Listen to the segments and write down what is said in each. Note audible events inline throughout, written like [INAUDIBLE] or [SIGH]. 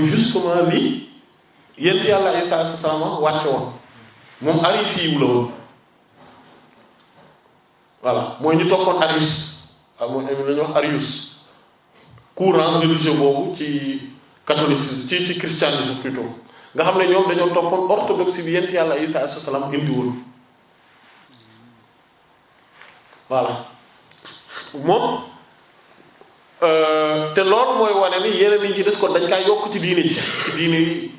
justement lii yent yàlla Isaa sama wàcc woon moom aris yiw la woon voilà mooy ñu toppoon arius ak ah, mooy la ñuy wax arius courant religieux boobu ci catholicisme ci ci christianisme plutôt nga xam ne ñoom dañoo toppoon orthodoxie bi yent yàlla Isa alayhi salaam indi woon voilà moom Euh, te lool mooy wane ni yeneen yi ci des ko dañ kaa yokk ci diine ji ci diine yi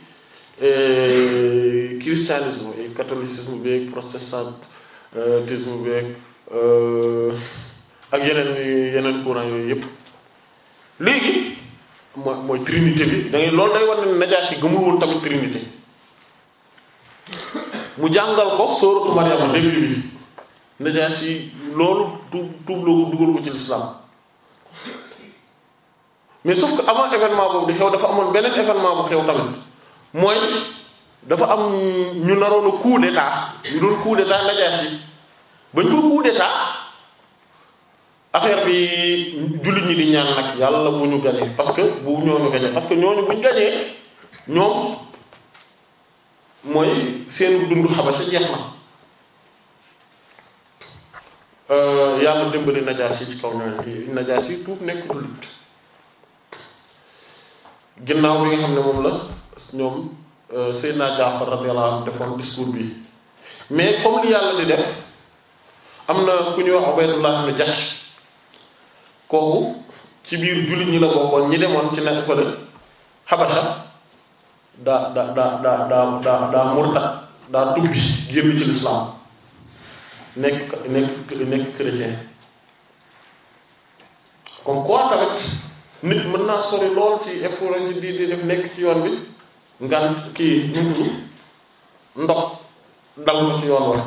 euh, christianisme et catholicisme beeg protestantisme beeg euh, ak yeneen yeneen courant yooyu yëpp léegi mooy mooy trinité bi da ngay loolu day wane ne Najaasi gëmul woon tamit trinité mu jàngal ko sóoratu Maryama début bi Najaasi loolu tuub tuub loo dugal ko ci lislaam mais sauf que avant événement boobu di xew dafa amoon beneen événement bu xew tamit mooy dafa am ñu naroon a coup d'état ñu doon coup d'état Najaasi bañ ko coup d'état affaire bi jullit ñi di ñaan nag yàlla bu ñu gañee parce que bu ñooñu gañee parce que ñooñu bu ñu ñoom mooy seen dund Xabasa jeex na euh, yàlla dimbali Najaasi ci kaw ñooñu Najaasi tuub nekk jullit ginnaaw bi nga xam ne moom la ñoom euh, Seydina Jaafar radiyallahu anhu defoon discours bi mais comme li yàlla di def am na ku ñuy wax Ubaydullah ibn Jahsh kooku ci biir jullit ñi la bokkoon ñi demoon ci nekk fële Habasha daa daa daa daa daa daa daa murtad daa tubbi génn ci lislaam nekk nekk nekk chrétien comme quoi tamit nit mën naa sori lool ci effort ci di di def nekk ci yoon bi ngan kii ñugudu ndox dal na ci yoon wala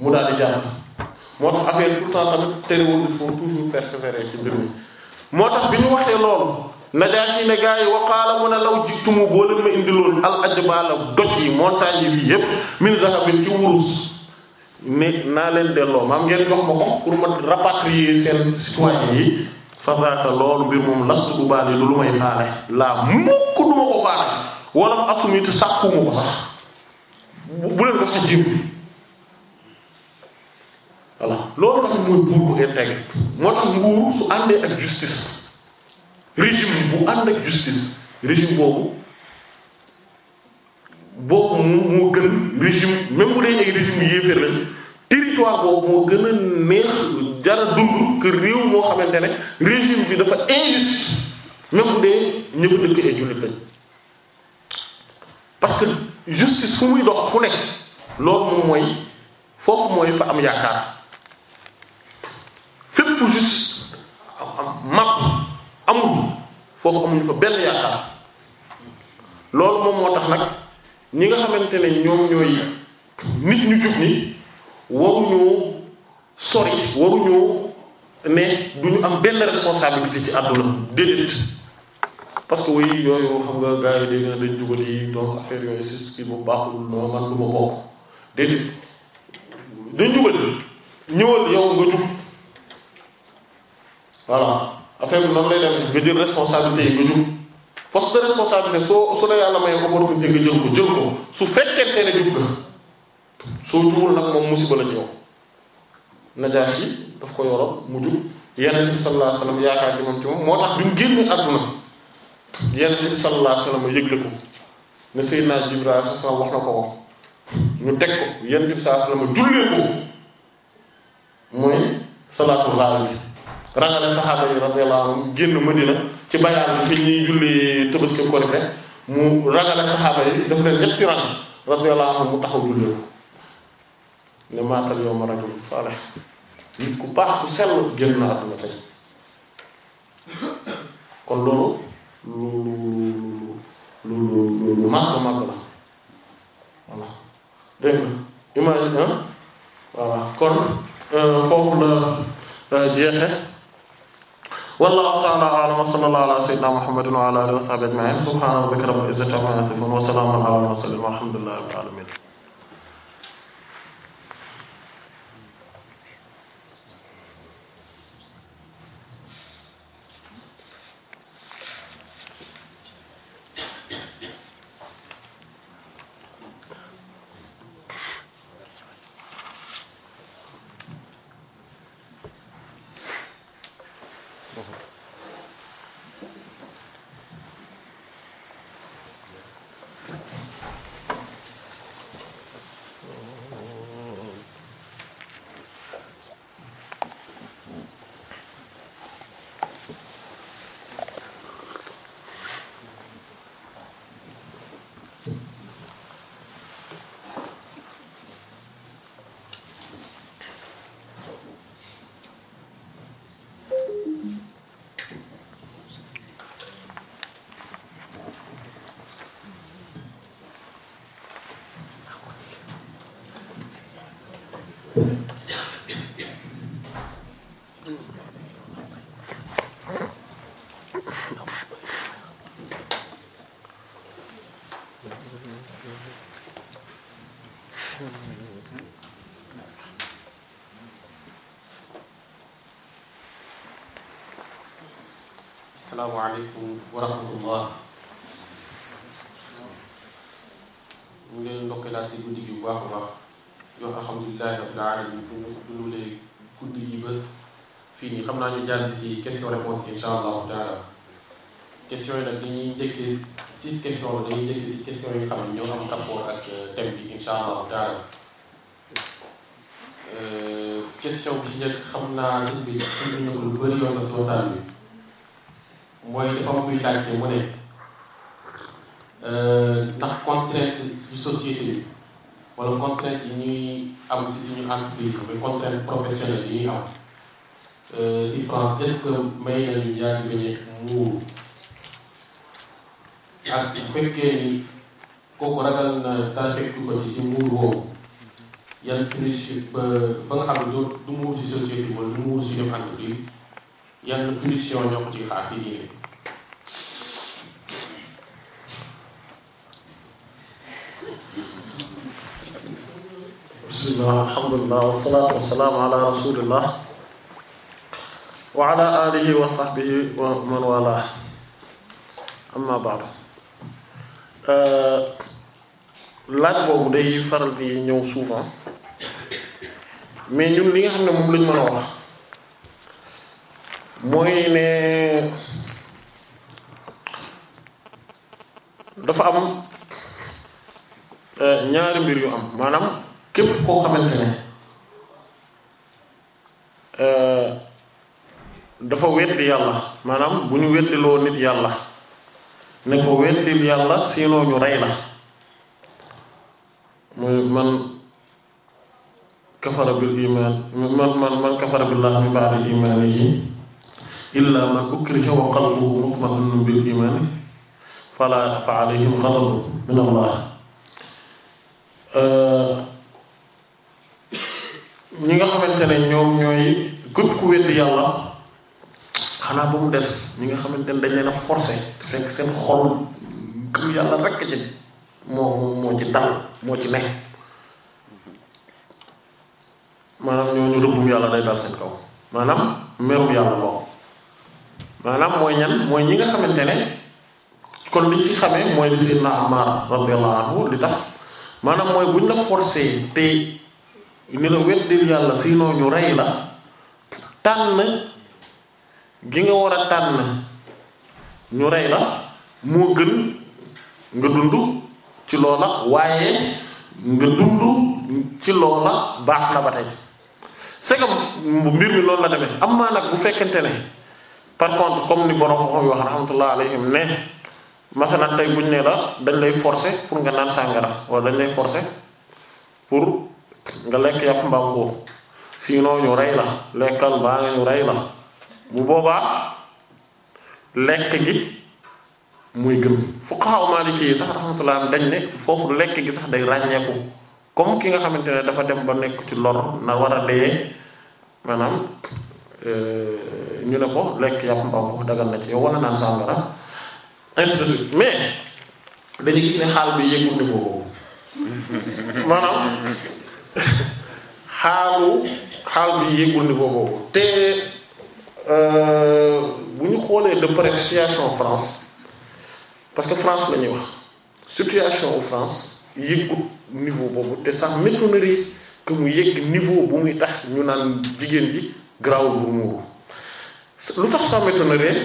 mu daal di jàll moo tax affaire tout le temps tamit terewul il faut toujours ci mbir mi moo tax bi ñu waxee loolu Najaasi ne gars yi waqaala mu ne law jittumu boo leen ma indiloon al ajbaala doj yi montagne yi bi yépp min zahabin ci wurus ne naa leen delloo maam ngeen jox ma ko pour ma rapatrier seen citoyen yi fazaaka loolu bi moom lastu bu baal yi du lu may faale laa mukk du ma ko faale wala asumi te sàkkuma ko sax bu leen ko sax jiw voilà loolu tax mooy buur bu intégré moo tax nguur su àndee ak justice régime bu ànd ak justice régime boobu boobu moo moo gën régime même bu dee ay régime yéeféer la territoire boobu moo gën a neex jara dund kër réew moo xamante ne régime bi dafa injuste même bu dee ñëfa dëkk ay jullit lañ parce que justice fu muy dox fu nekk loolu moom mooy foofu mooy am yaakaar fépp fu justice am màpp amuñu fa benn yaakaar loolu moom moo tax nag ñi nga xamante ne ñoom ñooy nit ñu jub ni waruñoo sori waruñoo ne duñu am benn responsabilité ci àdduna déedéet parce que way yooyu xam nga gars yi dégg na dañ dugal yi ma bokk déedéet dañ dugal ñëwal yow nga jub voilà affaire noonu lay dem nga jël responsabilité yi nga jub parce responsabilité soo su la yàlla may opportunité nga jël ko jël su fekkente ne jub nga soo jubul nag moom musiba la ci yow najaas yi daf ko yoroon mu jug yeneen bi sallallahu alayhi yaakaar ci moom ci moom moo tax bi mu génne àdduna yeneen bi sallallahu alayhi wasallam ko ne Seydina Jibril sallam wax na ko ko ñu salaatul raay bi rangale saxaaba yi radiyallahu anhum génn Madina ci bayaan bi fi ñuy julli Tabaski Korité mu rangale saxaaba yi daf leen ñetti rang radiyallahu anhum mu taxaw jullee ne maatal yow ma rajul salih nit ku baax ku sell génn na àdduna tey kon loolu lu lu lu lu lu màgg màgg la voilà dégg nga imagine voilà kon euh, foofu la euh, jeexe wallahu ta'ala a'lam wa sallallahu ala sayyidina muhammadin wa ala alihi wa sahbihi ajma'in subhana rabbika rabbil izzati amma yasifun wa salamun ala al mursalin walhamdulillahi rabbil alamin asalaamualeykum wa rahmatullah ñu ngi ndokkeelaat si guddi gi bu baax a baax yoo alhamdulilahi rabbil alamin bu ñu dundulee guddi gi ba fii nii xam naa ñu jàll si question réponse insha allahu taala question yi nag dañuy njëkkee six questions la dañuy njëkkee si questions yi nga xam ne ñoo am rapport ak euh, thème bi insha allahu taala euh, question bi ci njëkk xam naa sëñ bi sëñ bi ñu ko lu bëri yoon sa si waxtaan bi mooy dafa am luy laajte mu ne euh, ndax contrainte ci société bi wala contrainte yi ñuy am ci suñu entreprise muy contrainte professionnelle yi ñuy am si euh, France may nañu ñaari beñe ak fekkee ni kooku ragal na dara fekk ko ci si muur woowu yan punition ba ba nga du du si société wala du muur si ñoom entreprise yan punition ñoo ko ci xaar si bismillah alhamdulillah wassalaatu wassalaamu ala rasulillah wa ala alihi wa sahbihi man wala amma ba'du euh, laaj boobu day faral di ñëw souvent mais ñun li nga xam ne moom lañ mën a wax mooy ne dafa am euh, ñaari mbir yu am maanaam képp koo xamante ne euh, dafa weddi yàlla maanaam bu ñu weddiloo nit yàlla ne ko weddil yàlla sinon ñu rey la man kafara bil iman man man man kafara billahi min ba'di imanihi illa man ukriha wa qalbuhu mutma'innun bil iman fala fa alayhim ghadabun min allah euh, ñi nga xamante ne ñoom ñooy gëpp ku wedd yàlla xanaa ba mu des ñi nga xamante ne dañ leen a forcé te fekk seen xol gëm yàlla rekk ci moo moo ci dal moo ci nekk maanaam ñooñu rëbbum yàlla day dal seen kaw maanaam merum yàlla boobu maanaam mooy ñan mooy ñi nga xamante ne kon liñ ci xamee mooy li Seydina Amar radiyallahu anhu li tax maanaam mooy buñ la forcé te ni la weddil yàlla sinon ñu rey la tànn gi nga war a tànn ñu rey la moo gën nga dund ci loola waaye nga dund ci loola baax na ba tey c'est que mbir mi loolu la demee am maa nag bu fekkente ne par contre comme ni borom xam yi wax rahmatullah alayhim ne masalan tey buñ ne la dañ lay forcer pour nga naan sàngara wala dañ lay forcer pour nga lekk yàpp mbaam xuux ñu rey la lekkal baa nga ñu rey la bu boobaa lekk gi muy gën fuqaha maliki yi sax rahmatullah dañ ne foofu lekk gi sax day ràññeeku comme ki nga xamante ne dafa dem ba nekk ci lor na war a dee maanaam euh, ñu ne ko lekk yàpp mbaam xuux dagal na ci yow naan sàngara mais dañu gis ne xaal bi yëgul niveau boobu maanaam [LAUGHS] xaalu xaal bi yéegul niveau boobu te euh, bu ñu xoolee de près situation France parce que France la wax situation au France yéegul niveau boobu te sax m'étonnerait que mu yéeg niveau bu muy tax ñu naan jigéen ji grawul bu muuru lu tax ça m'étonnerait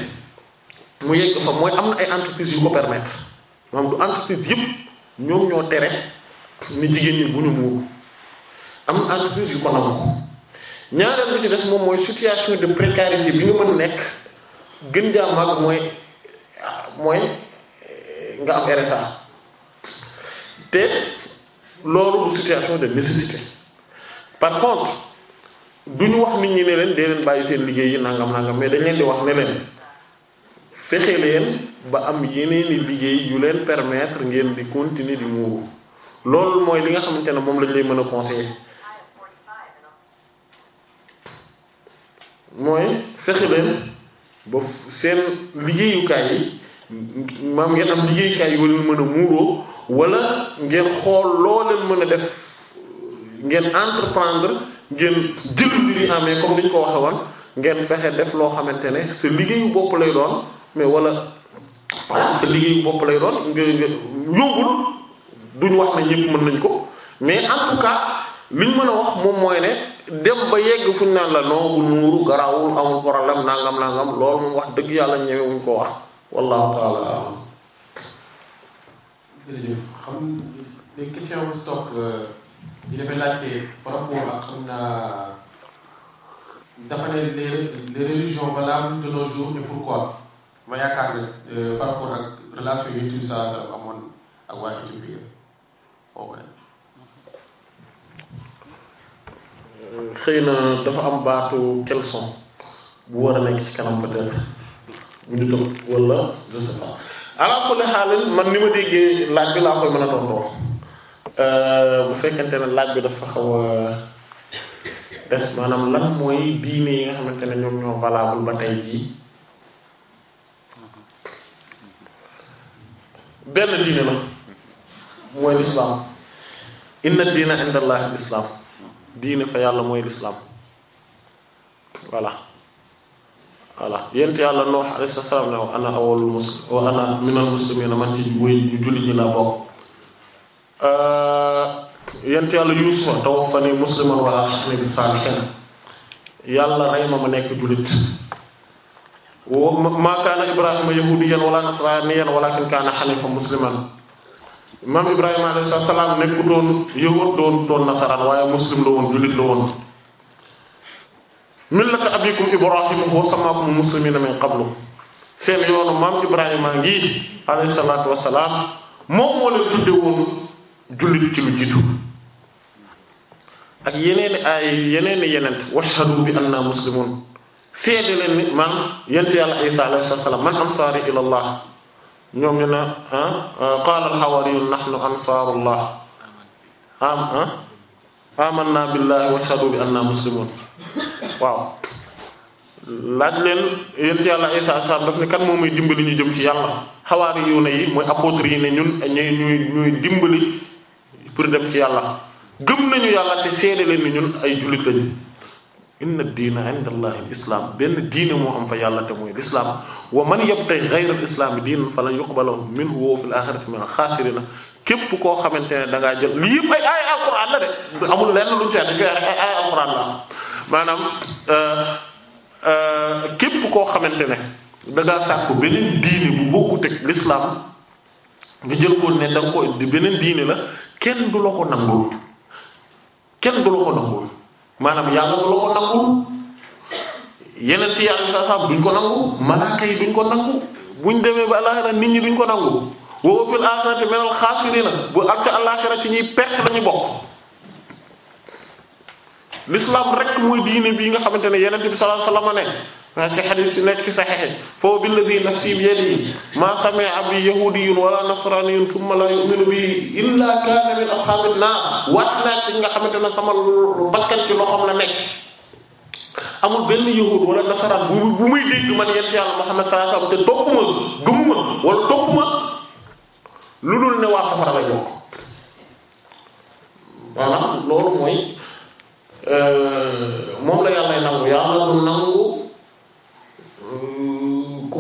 mu yegg fa mooy am na ay entreprises yu ko permettre maanaam du entreprise yëpp ñoom ñoo tere ni jigéen ñi bu ñu muuru am entreprise yu ko nangu ñaareel bi ci des moom mooy situation de précarité bi nga mën nekk gën jaa mag mooy mooy eh, nga am RSA te loolu du situation de nécessité par contre du ñu wax nit ñi ne leen dee leen bàyyi seen liggéey yi nangam nangam mais dañ leen di wax ne leen fexe leen ba am yeneeni liggéey yu leen permettre ngeen di continuer di muuru loolu mooy li nga xamante ne moom lañ lay mën a conseiller mooy fexe leen ba seen liggéeyukaay yi maam ngeen am liggéeyukaay yu leen mën a muuroo wala ngeen xool loo mën a def ngeen entreprendre ngeen jël mbir yi amee comme ni ko waxee woon ngeen fexe def loo xamante ne sa liggéeyu bopp lay doon mais wala voilà sa liggéeyu bopp lay doon nga nga yóbbul duñ wax ne ñëpp mën nañ ko mais en tout mën a wax moom mooy ne. dem ba yegg fu ñu la non bu nuuru amul problème nangam nangam loolu moom wax dëgg yàlla ñemewuñ ko wax wallahu taala alam. jërëjëf xam nga question bu stock euh, de pourquoi ma yaakaar ne euh, par rapport ak relation yi Yonent bi sallallahu alayhi wa sallam amoon ak waa Éthiopie xëy na dafa am baatu kelson bu war a nekk ci kanam peut-être bu ñu toog wala je sais man ni ma déggee laaj bi laa koy mën a tontoo euh, bu fekkente ne laaj bi dafa xaw a des maanaam lan mooy diine yi nga xamante ne ñoom ñoo valable ba tey jii benn diine la mooy lislaam inna diina inda lislaam diine fa yàlla mooy lislaam voilà voilà yent yàlla noox alayhi salaam ne wa ana awalul muslim wa ana minal muslimina man ci woy ñu julli ñi bokk euh, yent yàlla yuusufa tawaffani musliman wa alhaqni bis saalihiin yàlla rey ma ma nekk jullit wa ma kaana ibrahima yahudiyan wala nasraniyan walakin kaana hanifan musliman maam sa alayhi salaam nekkutoon yëwoot doon doon nasaraan waaye muslim la woon jullit la woon. millata abikum min qablu seen yoonu maam Ibrahima ngi alayhi salaatu wa salaam moom moo leen tudde yeneen ay yeneen yeneen washhadu bi anna muslimun seede le ni man yent yàlla Isa alayhi salaam man ansaari ilallah ñoom ñu ne ah, ah, qaala al-Hawariyyu nahnu ansaarullah am ah, amanna billahi wa ashhadu bi anna muslimun waaw laaj leen yéen ci yàlla Isa sax daf ne kan moom mooy dimbali ñu jëm ci yàlla Hawariyyu ne yi mooy apôtres yi ne ñun ñuy dimbali pour dem ci yàlla gëm nañu yàlla te seede leen ni ñun ay jullit lañu inna diina inda allahi l islam benn diine moo am fa yàlla te mooy lislaam wa man yabtaghi ghayra l islaami diinan falan yuqbala minhu wa fil axirati min al xaasirina képp koo xamante ne da ngaa lii yëpp ay ay la maanaam képp koo xamante ne da ngaa sàkku beneen diine bu bokkut lislaam nga jël ko ne da nga ko beneen diine la kenn du la ko nangul kenn du la ko maanaam yàlla du la ko nangul yeneen ci yàlla sa sax duñ ko nangu malaaka yi duñ ko nangu buñ demee ba àllaxira nit ñi duñ ko nangu wa fil aaxirati minal xaasiriina bu ak àllaxira ci ñuy perte lañu bokk l'islam rek mooy diine bii nga xamante ne yeneen bi sallallahu alayhi ci xadis si nekk ci saxexe foo nafsi bi yadihi maa sami'a bi yahudiyun wala nasraniyun thumma la bi illaa kaana min ashaabin waat naa ci nga xamante ne sama bakkan ci loxoom la nekk amul benn yahud wala nasaraan bu bu muy dégg man ne waa safara la jokk maanaam loolu mooy euh, moom la yàlla nangu yàlla du nangu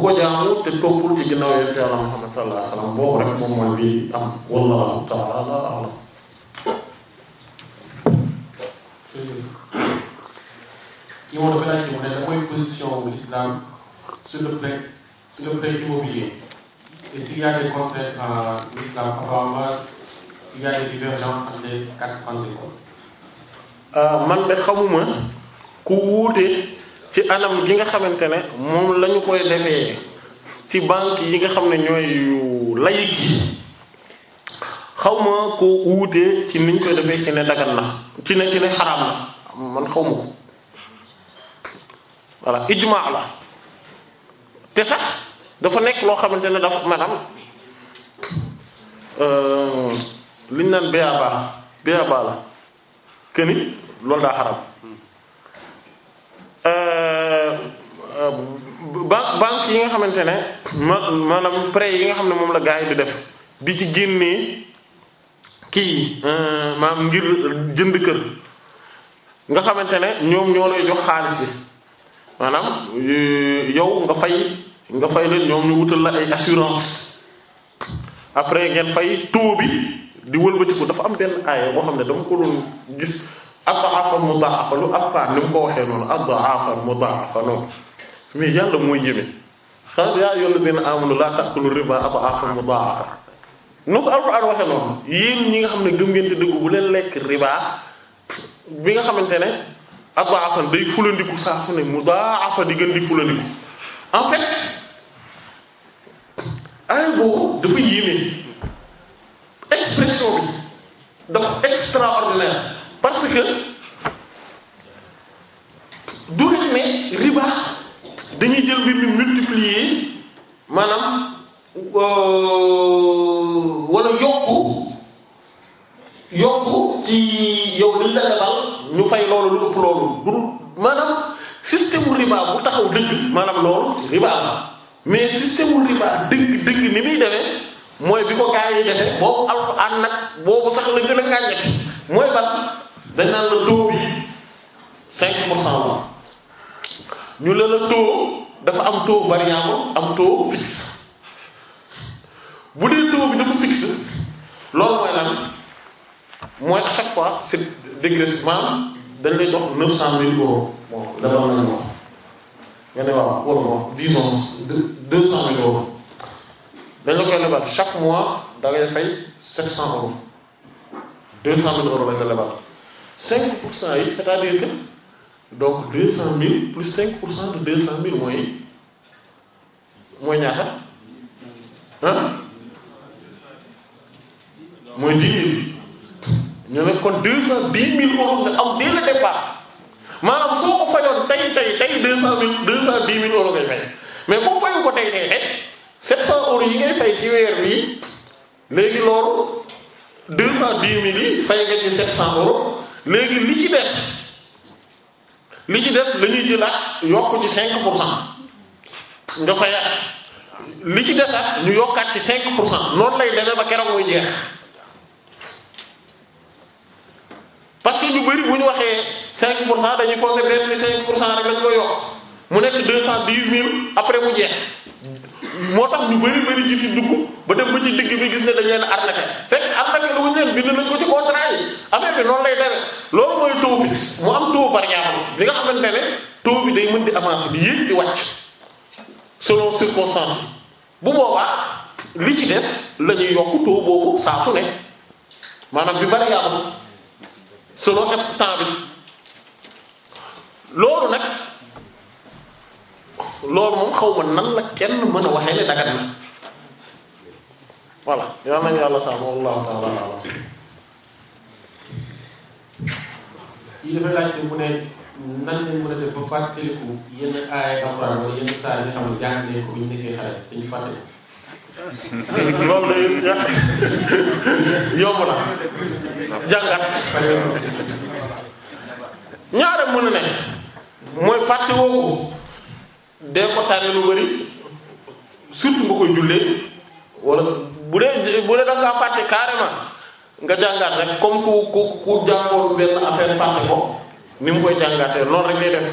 ko jaamu te toppul ci ginnaaw yonent Yàlla Muhammad sallallahu alayhi wasallam boobu rek moom mooy bi am wallahu ta'ala a'lam kii moom dafa laaj ci mu ne la mooy position wu l'islam sur le plan sur le plan immobilier et s'il y a des contraintes en islam apparemment il y a des divergences entre les quatre grandes écoles euh, man de xamuma ku wuute ci anam gi nga xamante ne moom la ñu koy defee ci banque yi nga xam ne ñooy yu laïque yi xaw ma ko wuutee ci niñ koy defee ci ne dagan na ci ne ci ne xaraam na man xaw ma ko voilà ijmaa la te sax dafa nekk loo xamante ne dafa maanaam euh, liñ naan béyabaa béyabaa la keni loolu daa xaraam Euh, euh, banque banque yi nga xamante ne ma maanaam prêt yi nga xam ne moom la gars yi di def di ci génnee kii euh, maam ngir jënd kër nga xamante ne ñoom ñoo lay jox xaalis yi maanaam yow nga fay nga fay leen ñoom ñu wutal la ay assurance après ngeen fay taux bi di walbatiku dafa am benn aaya boo xam ne dama ko doon gis ad-da'afa al-muda'afa lu alquran mu ko waxee noonu ad-da'afa al-muda'afa noonu mais yàlla mooy yéeme xanaa yaa ayyuha alladhina amanu la ta'kulu riba ad'afan muda'afa nu ko alquran waxee noonu yéen ñi nga xam ne gëm ngeen bu leen lekk riba bi nga xamante ne ad'afan day fulandiku saa fu ne muda'afa di gën di fulandiku en ay boobu dafa yéeme expression bi dafa extraordinaire parce que du rek dañuy jël bi mu maanaam euh, walla yokku yokku ci yow liñ la lebal ñu fay loolu lu ëpp loolu du maanaam système mu bu taxaw dëgg maanaam loolu riba la mais système mu riba dëgg dëgg ni muy demee mooy bi ko gaa yi defee boobu alxuraan nag boobu sax la gën a gàññet mooy ban dañ naan la bi cinq pour cent la ñu ne la taux dafa am taux variable am taux fixe bu dee taux bi dafa fixe loolu mooy lan mooy chaque fois c'est dégressivement dañ lay jox neuf cent mille euros bon dama la ñu wax nga waaw war nga disons deux cent mille euros dañ la koy lebal chaque mois da ngay fay cent euros deux cent mille euros lañ la lebal cinq pour cent yi c'est-à-dire que donc deux cent mille plus cinq pour cent de deux cent mille mooy mooy ñaata ah mooy dix mille ñu kon deux cent dix mille euros nga am dès le départ maanaam soo ko fayoon tey tey tey deux cent mille deux cent dix mille euros ngay fay mais comme fayu ko tey tey tey sept cent euros yi ngay léegi li ci des li ci des dañuy jëlaat yokk ci 5 pour cent nga fayaat li ci des desaat ñu yokkaat ci 5 pour cent noonu lay demee ba keroog muy jeex parce que ñu bari bu ñu waxee 5 pour cent dañuy foog ne benn 5 pour cent rek lañ koy yokk mu nekk 210 000 après mu jeex. moo tax lu bari bari ji ci dugg ba dem ba ci digg bi gis ne dañ leen arnaqué fekk arnaqué leen bind nañ ko ci contrat yi affaire bi noonu lay demee loolu mooy taux fixe mu am taux variable bi nga xamante ne taux bi day mën di avancer di yéeg di wàcc selon circonstance bu boobaa li ci des la ñuy yokk taux boobu saa ne maanaam bi variable selon temps bi loolu nag. loolu moom xaw ma nan la kenn mën a waxee ne dagat na voilà yal nañu yàlla sàmm wallahu taala alam yi ci mu nan lañ mën a def ba fàttaliku yenn aaya alxuraan wala yenn saa yi xam ne jàng nañ ko bu ñu nekkee xale dañu fàtte loolu dee ko tare lu bëri surtout nga koy jullee wala bu dee bu dee da ngaa fàtte carrément nga jàngaat rek comme ku ku ku jàngoon benn affaire fàtte ko ni mu koy jàngaatee noonu rek lay def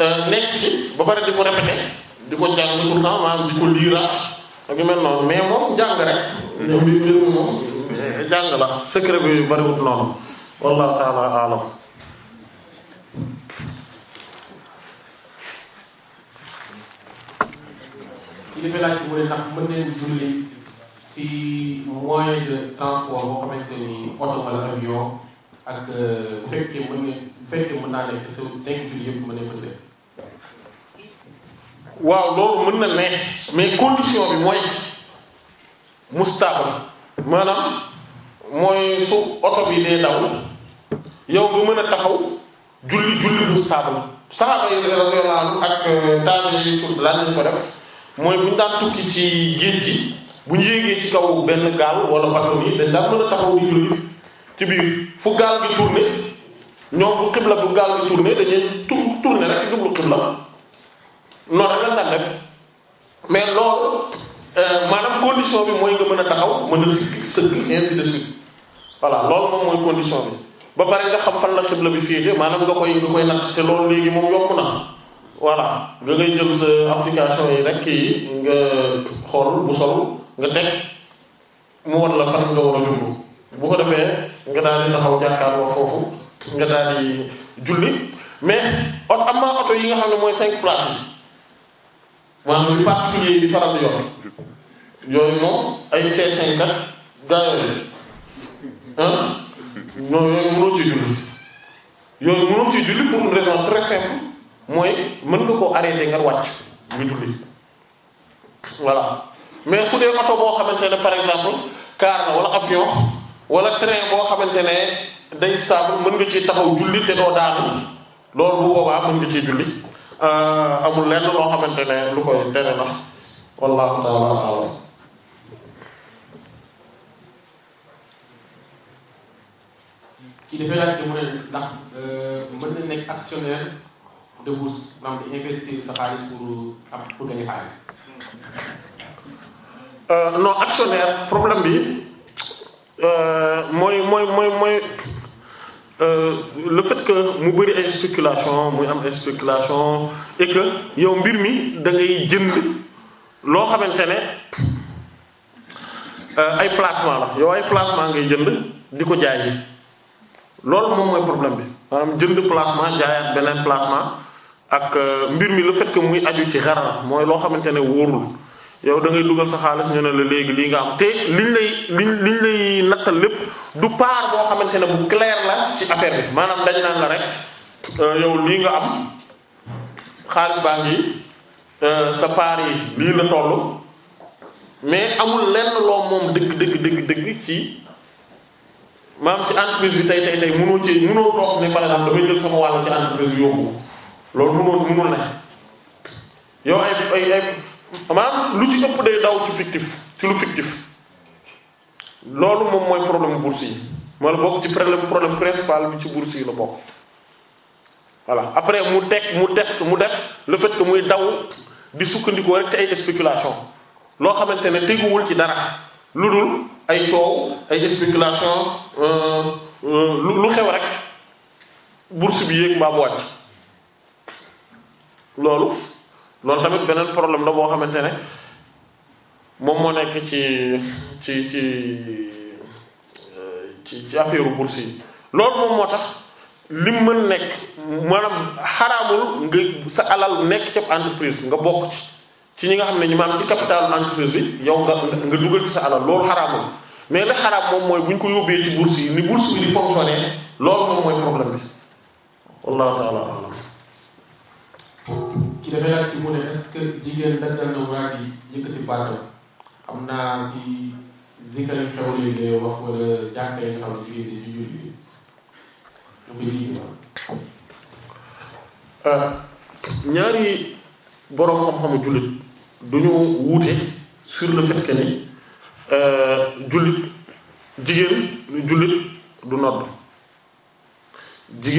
euh, nekk ci ba pare di ko répété di ko jàng tout le temps maanaam di ko liiraat ak yu mel noonu mais moom jàng rek ñoom li moom jàng la secret bi bariwut noonu wallahu taala alam kilifa laaj mu ne ndax mën nañu julli si moyen de transport boo xamante ni oto wala avion ak euh, fekkee mën ne fekkee mën naa nekk sa cinq julli yëpp mën nañ ko def. waaw loolu mën na neex mais condition bi mooy mustaaba maanaam mooy su oto bi dee daw yow nga mën a taxaw julli julli mustaaba saxaaba yi radiyallahu anhum ak euh, taal yi lan lañ ko def. mooy bu ñu daan tukki ci géej gi bu ñu yéegee ci kaw benn gaal wala bato bi dañ daan mën a taxaw di julli ci biir fu gaal gi tourné ñoom bu xibla bu gaal gi tourné dañuy tourné rek jublu xibla noonu rek lañ daan def mais loolu euh, maanaam condition bi mooy nga mën a taxaw mën a sikk sëgg ainsi de suite voilà loolu moom mooy condition bi ba pare nga xam fan la xibla bi féete maanaam nga koy nga koy natt te loolu léegi moom yokku na voilà nga ngay jël sa application yi rek nga xool bu sol nga teg mu wan la fan nga war a jublu bu ko defee nga daal di taxaw jàkkaarloo foofu nga daal julli mais oto am naa oto yi nga xam ne mooy cinq places yi maanaam yu particulier di faral di yooyu moom ay C5 gaa yooyu ah non ci julli yooyu mënoo ci julli pour une raison très simple. mooy mën nga ko arrêté nga wàcc nga julli voilà mais su dee oto boo xamante ne par exemple car na wala avion wala train boo xamante ne dañ saabu mën nga ci taxaw julli te doo daanu loolu bu boobaa mën nga ci julli euh, amul lenn loo xamante ne lu koy tere na wallahu ndax euh, mën na nekk actionnaire de bourse maanaam euh, actionnaire problème bi euh, mooy mooy mooy mooy euh, le que mu bëri ay spéculation muy am ay spéculation et yow mbir mi da ngay jënd loo xamante ne ay placement la yow ay placement ngay jënd di ko jaay loolu moom mooy problème bi maanaam jënd placement jaayaat beneen placement. ak euh, mbir mi lu fait que muy aju ci xarar mooy loo xamante ne wóorul yow da ngay dugal sa xaalis ñu ne la léegi lii nga am te liñ lay liñ liñ lay nattal lépp du paar boo xamante ne bu clair la ci affaire bi maanaam dañ naan rek euh, yow nga am xaalis baa ngi euh, lii la toll amul lenn loo moom dëgg dëgg dëgg ci maanaam ci entreprise bi tey tey tey mënoo ci mënoo toog ne par exemple damay jël sama wàll ci entreprise yóbbu loolu mënoon mënul ne yow ay ay ay maanaam lu ci ëpp day daw ci fictif ci lu fictif loolu moom mooy problème bourse yi mooy la bokk ci problème problème principal bi ci bourse yi la bokk voilà après mu teg mu des mu des le fait que muy daw di sukkandikoo rek ci ay spéculation loo xamante ne teguwul ci dara lu dul ay coow ay spéculation euh, euh, lu xew rek bourse bi yéeg mbaa wàcc loolu loolu tamit beneen problème la boo xamante ne moom moo nekk ci ci ci ci ci affaire bourse yi loolu moom moo tax li mën nekk maanaam xaraamul nga sa alal nekk ci entreprise nga bokk ci ci ñi nga xam ne ñu maanaam ci capital entreprise bi yow nga nga dugal ci sa alal loolu xaraamul mais li xaraam moom mooy bu ñu ko yóbbee ci bourse ni bourse bi di fonctionner loolu moom mooy problème bi wallahu ta'ala ki dafay laaj ci mu ne est jigéen daggal na waa ji yëkkati baatam xam naa si zikar xew léegi lay wax wala jàkka yi nga xam ne jigéen di euh, ñaari borom xam-xamu jullit euh, du ñu wuute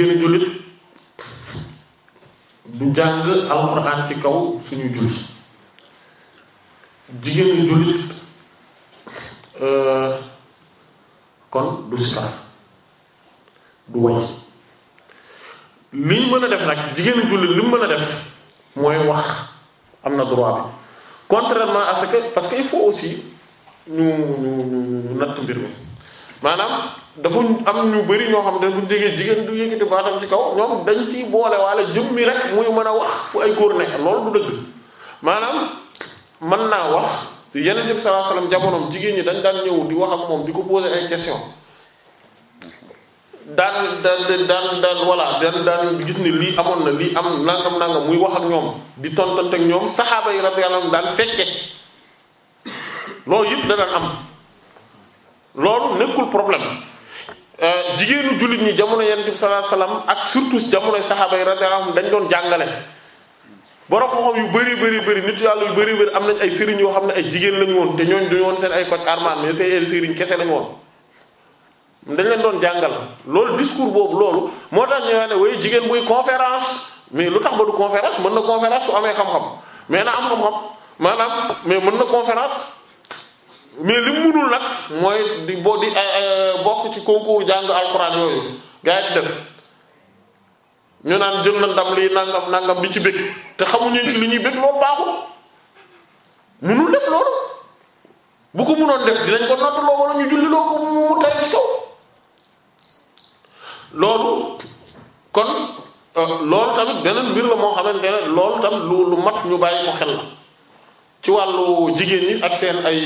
jullit. du jàng alxuraan ci kaw suñu julli jigéenu jullit euh, kon du sikar du way li mën a def nag jigéenu jullit li mu mën a def mooy wax am na droit bi contrairement à parce que foo aussi ñu ñu ñu natt mbir mi maanaam dafa am ñu bari ñoo xam ne bu jege jigéen du yëkkati baatam ci kaw ñoom dañ ciy boole waale jëm mi rek muy mën a wax fu ay góor nekk loolu du dëgg maanaam mën naa wax yeneen bi sallallahu alayhi wasallam jamonoom jigéen ñi dañ daan ñëw di wax ak moom di ko poser ay question daan daan daan daan voilà daan daan gis ni lii amoon na lii am nangam nangam muy wax ak ñoom di tontante ak ñoom saxaaba yi radiyallahu anhum daan fekke loolu yëpp da daan am loolu nekkul problème Euh, jigéenu jullit ñi jamono yonent bi sallallahu alayhi ak surtout jamonoy saxaaba yi radiyallahu anhum dañ doon jàngale borom xam yu bëri bëri bëri nit yàlla yu bëri bëri am nañ ay sëriñ yoo xam ne ay jigéen lañ woon te ñooñ duñu woon seen ay koc armaan mais seen ay sëriñ kese lañ woon dañ leen doon jàngal loolu discours boobu loolu moo tax ñu ne way jigéen buy conférence mais lu tax ba du conférence mën na conférence su amee xam-xam mais na am xam-xam maanaam mais mën na conférence mais li mu munul nag mooy di boo di eh, eh, bokk ci concours jàng alxuraan yooyu gaa yi def ñu naan jël na ndam li nangam nangam bi ci bëgg te xamuñu li ñuy bëgg loolu baaxul munul def loolu bu ko munoon def dinañ ko noddloo wala ñu julli loo mu tay ci kaw loolu kon euh, loolu tamit beneen mbir la moo xamante ne loolu tamit lu lu mat ñu bàyyi ko xel la ci wàllu jigéen ñi ak seen ay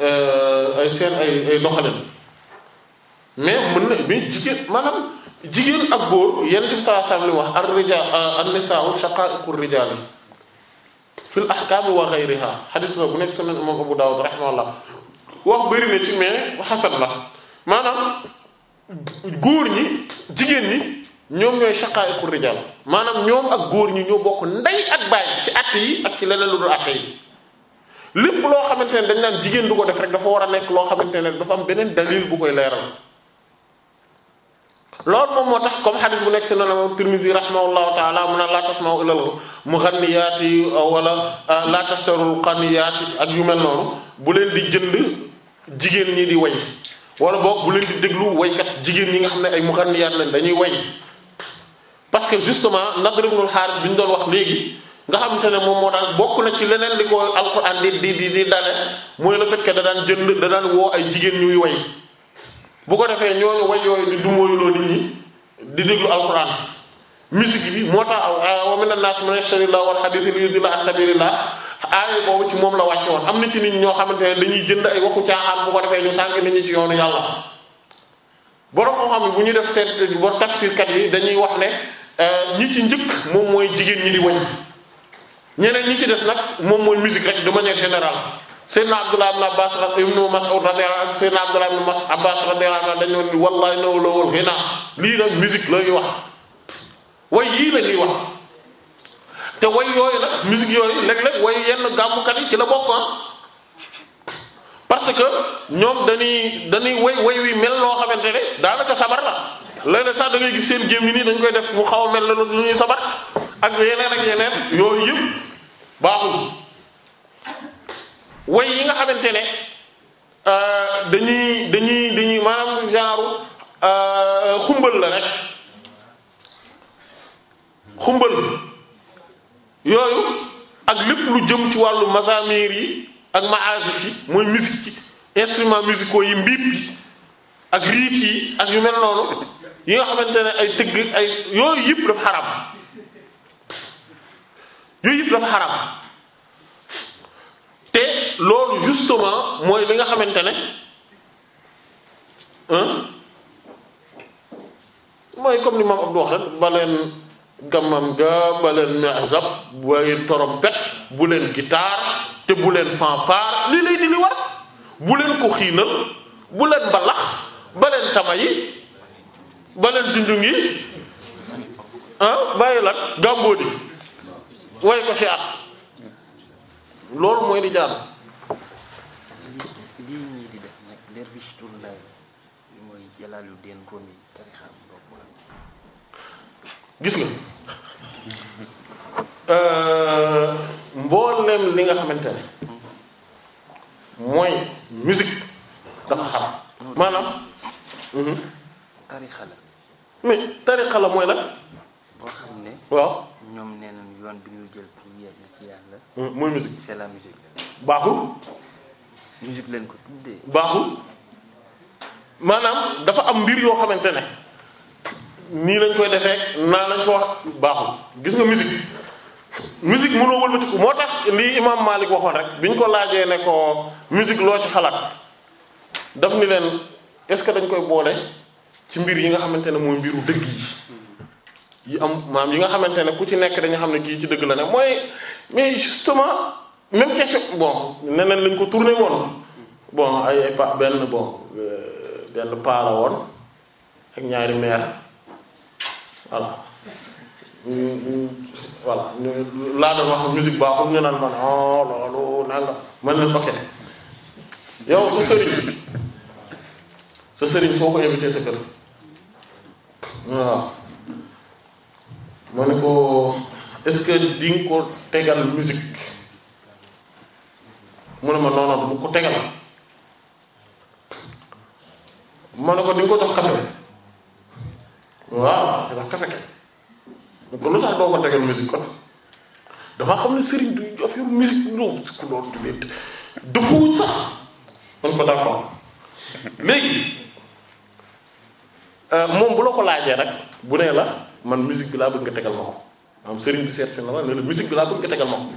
euh, ay seen mais mën na mais jigéen maanaam jigéen ak góor yenn ci saa sam li wax ar euh, rijal an nisaa'u shaqaa'iqu rijaal fil ahkaam wa ghayriha xadis la bu nekk sunan imam Abu Dawud rahimahullah wax bëri ci mais xasan la maanaam góor ñi jigéen ñi ñoom ñooy shaqaa'iqu rijaal maanaam ñoom ak góor ñi ñoo bokk ndey ak baay ci àtte yi ak ci leneen lu dul àtte yi lépp loo xamante ne dañ naan jigéen du ko def rek dafa war a nekk loo xamante ne dafa am beneen dalil bu koy leeral loolu moom moo tax comme xadis bu nekk si noonu moom Tirmidhi rahimahullahu taala mu naan laa tasma'u ilal mughanniyaati wala ah, laa tashtarul qaniyaati ak yu mel noonu bu leen di jënd jigéen ñi di way wala boo bu leen déglu waykat jigéen ñi nga xam ne ay mughanniyaat lañ dañuy way parce que justement Nadr ibn al-Harith bi ñu doon wax léegi nga xamante ne moom moo daan bokk na ci leneen li ko alquran di di di dale mooy le fait da daan jënd da daan woo ay jigéen ñuy way bu ko defee ñooñu way yooyu di dumóoyuloo nit ñi di déglu alquran musique bi moo tax wa mina naas man yashtari lahwa al-hadiith li yudilla an sabilillah moom la wàcce woon am na ci nit ñoo xamante ne dañuy jënd ay waxu caaxaan bu ko defee ñu sànk nit ñi ci yoonu yàlla borom moo xam ne bu ñu def seet bo tafsirkat yi dañuy wax ne Euh, ñi ci njëkk moom mooy jigéen ñi di wañ ñeneen ñi ci des nag moom mooy musique rek de manière générale Seydina Abdullah ibn Abbas ibn Mas'ud radiyallahu anhu na Abdullah ibn Abbas radiyallahu anhu dañu wallahi naw la wal lii nag musique la ñuy wax way yii la wax te way yooyu nag musique yooyu léeg-léeg way yenn gàmmukat yi ci la bokk ah. parce que ñoom dañuy dañuy way way wi mel noo xamante ne daanaka sabar la léeg-léeg sax da gis seen gémmiñ nii dañ koy def bu xaw a mel lu ñuy sabat ak yeneen ak yeneen yooyu yëpp baaxul way yi nga xamante ne euh, dañuy dañuy dañuy maanaam genre euh, xumbal la rek xumbal yooyu ak lépp lu jëm ci wàllu masamir yi ak maasif yi mooy musique instrument musicaux yi mbiip yi ak riit yi ak yu mel noonu yi nga xamante ne ay tëgg ay yooyu yëpp dafa xaram yooyu yëpp dafa xaram te loolu justement mooy li nga xamante ne mooy comme ni maam Abdou wax rek baleen gamam ga baleen mehzab waaye trompette bu leen guitare te bu leen fanfare lii lay di li war bu ko xiinal bu leen baleen tama yi baleen junju ngi ah bàyyi lat gàmboo di way ko ci at loolu mooy di jaar lii gis nga [LAUGHS] euh, mboolem li nga xamante ne mooy musique dafa xam maanaam mhm. mais tariqa la mooy lan. boo xam ne. waaw ñoom nee nañ yoon bi ñu jël pour yegg ci yàlla. Hmm, mooy musique c'est la musique. baaxul. musique leen ko tuddee. baaxul maanaam dafa am mbir yoo xamante ne nii lañ koy defee naa lañ ko wax baaxul gis nga musique musique mënoo wëlbatiku moo tax lii imam Malik waxoon rek bi ñu ko laajee ne ko musique loo ci xalaat daf ni leen est-ce que dañ koy boole. ci mbir yi nga xamante ne mooy mbiru dëgg yi yi am maam yi nga xamante ne ku ci nekk dañu xam ne kii ci dëgg la ne mooy mais justement même question bon neneen lañ ko tourné woon bon ay ay benn bon euh, benn paa woon ak ñaari meer voilà voilà laa doon wax musique baaxul ñu naan man oh loolu nanga mën na ok yow sa sëriñ sa sëriñ foo ko invité sa kër waaw ma ne ko est-ce ko tegal musique mu ne ma noonoon bu ko tegal ma ne ko di nga ko jox café waaw jox ko lu tax doo ko tegal musique kon dafa xam ne sëriñ du affaire musique ñoom ku doon di leen dëppwuñ sax man ko d'accord léegi Euh, moom bu la ko laajee nag bu nee la man musique bi laa bëgg nga tegal ma ko la ne la musique bi laa bëgg nga tegal ma ko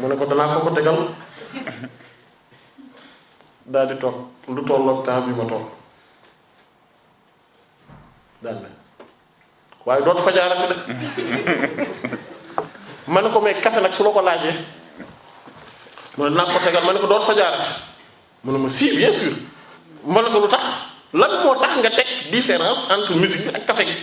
mu ne ko danaa ko ko tegal daal di toog lu tolloog temps bi ma toog daal na waaye dootu fa jaarale de ma ne ko mais café nag su la ko laajee mu ne danaa ko tegal ma ne ko dootu fa jaarale mu ne ma si bien sûr ma ne ko tax lan moo tax nga teg différence entre musique ak café gi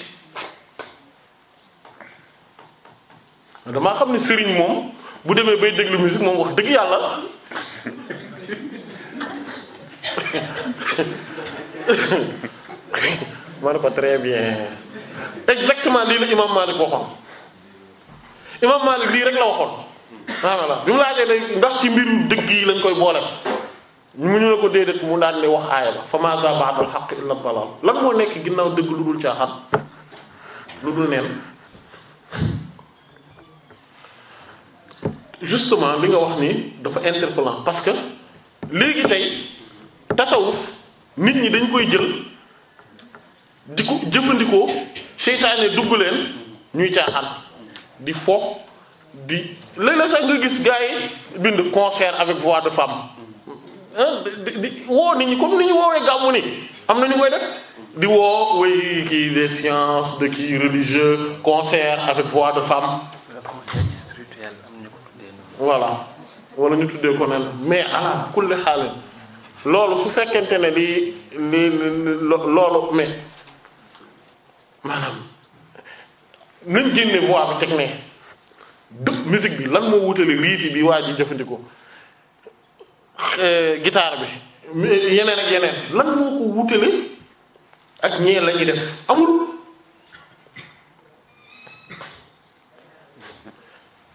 damaa xam ne sëriñ moom bu demee bay déglu musique moom wax dëgg yàlla [LAUGHS] ma ko très bien exactement lii la imam Malik waxoon imam Malik lii rek la waxoon waaw bi mu laajee ne ndax ci mbiru dëgg yi lañ koy boole mu ñu ne ko déedéet mu daan ne wax aaya ba fa ma za ba'dal haqq illa lan moo nekk ginnaaw dëgg lu dul caaxaan lu dul neen justement li nga wax ni dafa interpellant parce que léegi tey tasawuf nit ñi dañ koy jël di ko jëfandikoo seytaane dugg leen ñuy caaxaan di fo di léeg-léeg sax nga gis gars yi bind concert avec voix de femme di woo nit ñi comme ni ñu woowee gàmmu ni am na ñu koy def di woo way kii des sciences de kii religieux concert avec voix de femme. voilà wala ñu tuddee ko nen mais ala kulli xaal loolu su fekkente ne li li loolu mais maanaam nañ génne voix bi teg ne du musique bi lan moo wutale riiti bi waa ji jëfandikoo. Euh, guitare bi yeneen ak yeneen lan moo ko wutale ak ñee la ñuy def amul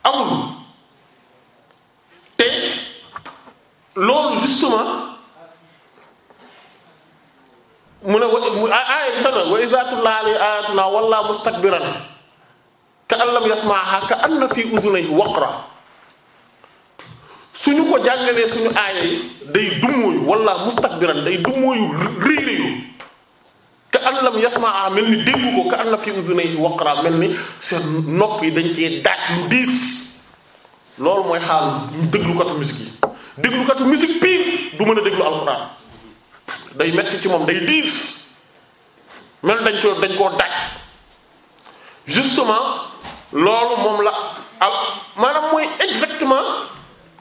amul te loolu justement mu ne wa aaya sana wa iza tutla alayhi ayatuna walla mustakbiran ka an lam yasma'ha ka anna fi udhunayhi waqra ñu ko jàngalee suñu aaya yi day dummóoyu wala mustakbiran day dummóoyu rëy rëyu ka an lam yasmaa mel ni dégg ko ka an la fi uzunayhi waqra mel ni seen nopp yi dañ cee daaj mu diis loolu mooy xaalu déglukatu musique yi déglukatu musique pire du mën a déglu alxuraan day metti ci moom day diis mel dañ ko dañ koo daaj justement loolu moom la al maanaam mooy exactement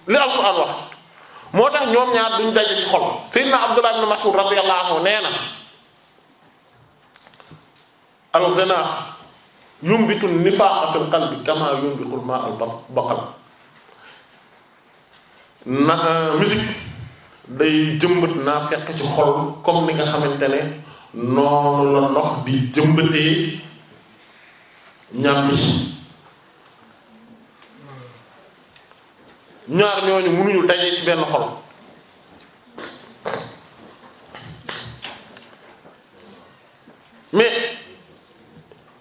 li alquran wax moo tax ñoom ñaar duñ daje ci xol sayyidna Abdullah ibn Mas'ud radiyallahu anhu nee na al-ghina yumbitu nifaqa fil qalbi kama yumbitu al-ma al-baqal na euh, musique day jëmbat naa fekk ci xol comme ni nga xamante ne noonu la ndox di jëmbatee ñàmbi ñaar ñooñu mënuñu daje ci benn xol mais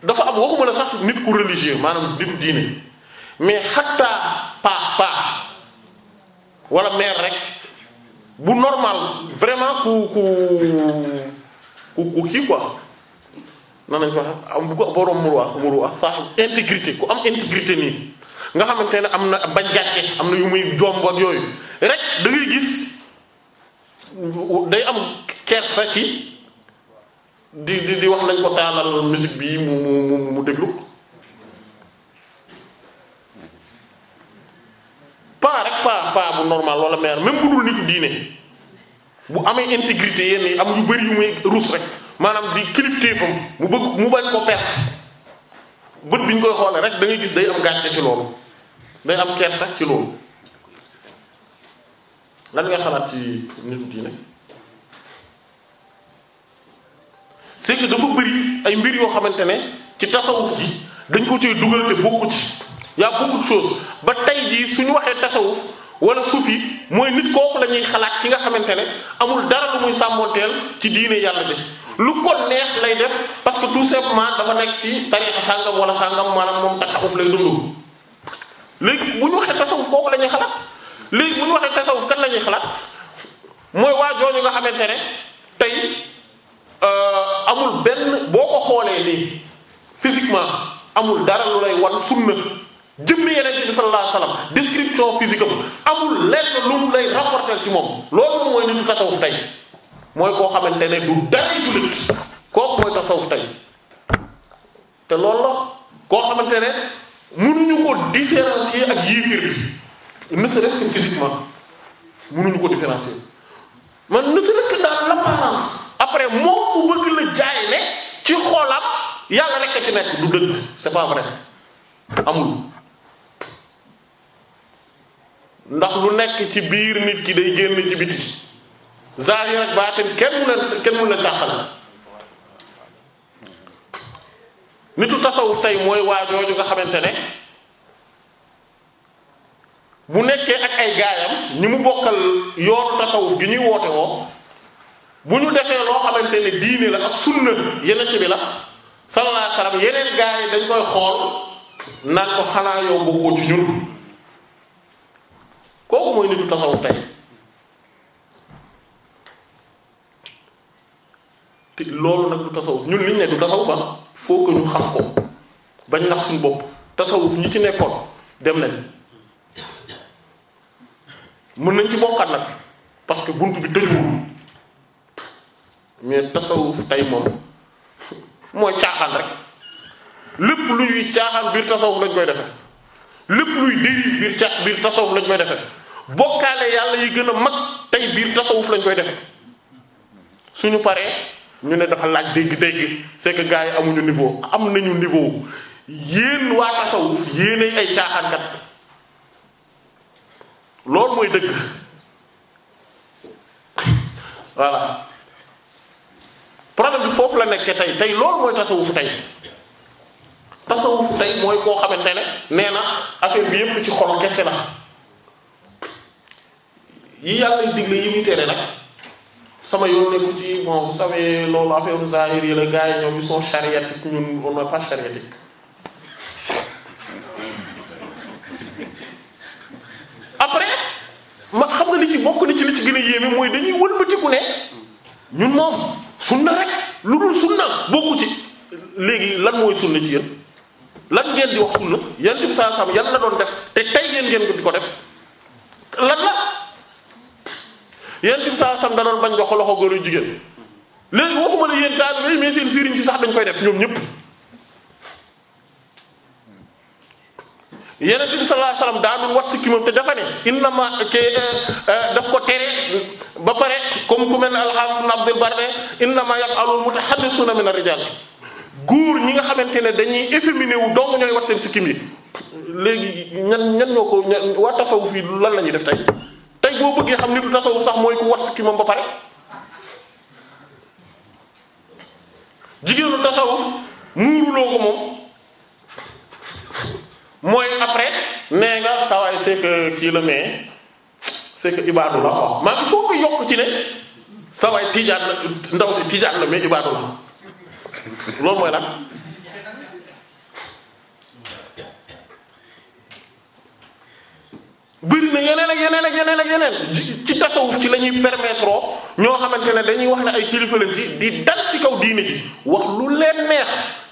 dafa am waxuma la sax nit ku religieux maanaam nitu diine mais xatta paa paa wala mère rek bu normal vraiment ku ku ku kii quoi nan lañ ko wax am bu ko borom muruwaax muruwaax sax intégrité ku am intégrité nii nga xamante ne am na bañ gàcce am na yu muy jomb ak yooyu rek dangay gis day am kersa ci di di di wax nañ ko taalal musique bi mu mu mu déglu pas rek pas pas bu normal wala meer même bu dul nitu diine bu amee intégrité yenn yi am yu bari yu muy ruus rek maanaam di kilifteefam mu bëgg mu bañ ko perte bët bi ñu koy xoolee rek dangay gis day am gàcce ci loolu day am ker sax ci loolu lan nga xalaat ci nitu diine c'est que dafa bëri ay mbir yoo xamante ne ci tasawuf ji dañ ko tey dugal ci y'a beaucoup de ba tey jii suñu waxee tasawuf wala sufi mooy nit kooku la ñuy xalaat ki nga xamante ne amul dara lu muy sàmmoonteel ci diine yàlla de lu ko neex lay def parce que tout simplement dafa nekk ci tarixa sàngam wala sàngam maanaam moom tasawuf lay dund léegi bu ñu waxee tasawuf kooku la ñuy xalaat léegi bu ñu waxee tasawuf kan la ñuy xalaat mooy waa jooju nga xamante ne tey euh, amul benn boo ko xoolee nii physiquement amul dara lu lay wan sunna jëmm yeneen bi sallallahu alayhi wasallam description amul lenn lu mu lay rapporter ci moom loolu mooy ni ñu tasawuf tey mooy koo xamante ne du dara jullit kooku mooy tasawuf tey te loolu la koo xamante ne. mënuñu ko différencier ak yéeféer bi ne serait-ce que physiquement mënuñu ko différencier man ne serait-ce que dans après moom mu bëgg la jaay ne ci xoolam yàlla rekk a ci nekk du dëgg c'est pas vrai amul ndax lu nekk ci biir nit ki day génn ci biti zahir ak baatin kenn mu ne kenn mu ne tàqal nitu tasawuf tey mooy waa nga xamante ne bu nekkee ak ay gaayam ñi mu bokkal yoonu tasawuf gi ñuy woote woo bu ñu defee loo xamante ne diine la ak sunna yeneen bi la sallallahu alayhi yeneen gaay dañ koy xool naan ko xanaa yow bokkoo ci ñun kooku mooy nitu tasawuf tey te loolu nag du tasawuf ñun liñ ne du tasawuf faut que xam ko bañ nax suñu bopp tasawuf ñi ci nekkoon dem nañ mën nañ ci bokkaat nag parce que bunt bi tëjuwul mais tasawuf tey moom [LAUGHS] mooy caaxaan rek lépp lu ñuy caaxaan biir tasawuf lañ koy defee lépp luy dérive biir ca biir tasawuf lañ koy defee bokkaale yàlla yi gën a mag tey biir tasawuf lañ koy defe suñu paree. ñu ne dafa laaj dégg-dégg c'est que yi amuñu niveau am nañu niveau yéen waa tasawuf yéenay ay caaxaankat loolu mooy dëgg [LAUGHS] voilà problème bi foofu la nekkee tey tey loolu mooy tasawuf tey tasawuf tey mooy koo xamante ne nee na affaire bi yépp ci xol kese la yi yàlla digle yi muy tere nag sama yoon nekku ci bon vous savez loolu affaire zahir yi la gars yi ñoom ils sont chariatiques ñun on ma xam nga li ci bokk ci li ci mooy dañuy wëlbatiku ne ñun moom sunna rek lu dul sunna bokku ci léegi lan mooy sunna ci yéen lan ngeen di wax sunna yan ci saa sam yan la doon def te tey ngeen ngeen di ko def lan la yonent bi saa sam da doon bañ jox loxo góor yu jigéen léegi waxuma la yéen taalibe mais seen sëriñ ci sax dañ koy def ñoom ñëpp. yonent bi sallallahu alayhi wasallam daanul wat sikkimam te dafa ne inna ma ke eh, eh, daf ko tere ba pare comme ku mel ne alxames Abdul Barde inna ma yaf'alul mutahaddisuna min ar-rijal góor ñi nga xamante ne dañuy efféminé wu dong ñooy wat seen sikkim yi léegi ñan ñan ñoo ko ñan waa tasawuf yi lan la ñuy def tey. tey boo bëggee xam ni du tasawuf sax mooy ku wat sikki moom ba pare jigéenu tasawuf muuruloo ko moom mooy après nee nga sawaay c'est que kii la mais c'est que la quoi maa il faut que yokk ci ne sawaay tijaan la ndaw si tijaan la mais ibaadu la loolu mooy lan bëri na yeneen ak yeneen ak yeneen ak yeneen ci tasawuf ci la ñuy permettre ñoo xamante ne dañuy wax ne ay kilifa yi ci di dal ci kaw diine ji wax lu leen meex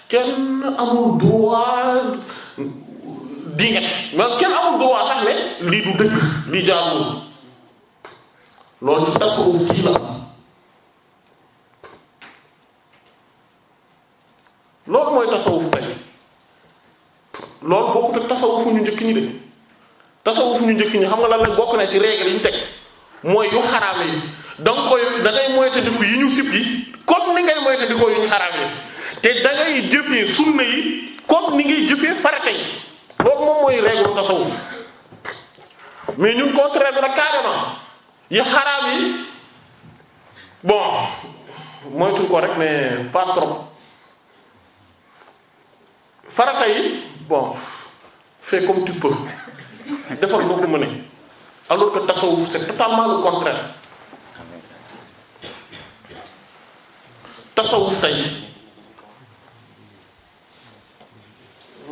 kenn amul droit di dëkk lii jaarul loolu tasawuf ci la loolu mooy tasawuf tey loolu bokkut ak ñu njëkk ñi de. tasawuf ñu njëkk ñi xam nga lan nag bokk na ci règle ñu teg mooy yu xaraame yi danga koy da ngay moytandiku yi ñu sib yi comme ni ngay moytandikoo ñu xaraame yi te da ngay yi comme ni ngay jëfee farata yi loolu moom mooy règle tasawuf mais ñun contraire bi nag defal boo ko mënee alors que tasawuf c'est totalement le contraire tasawuf tey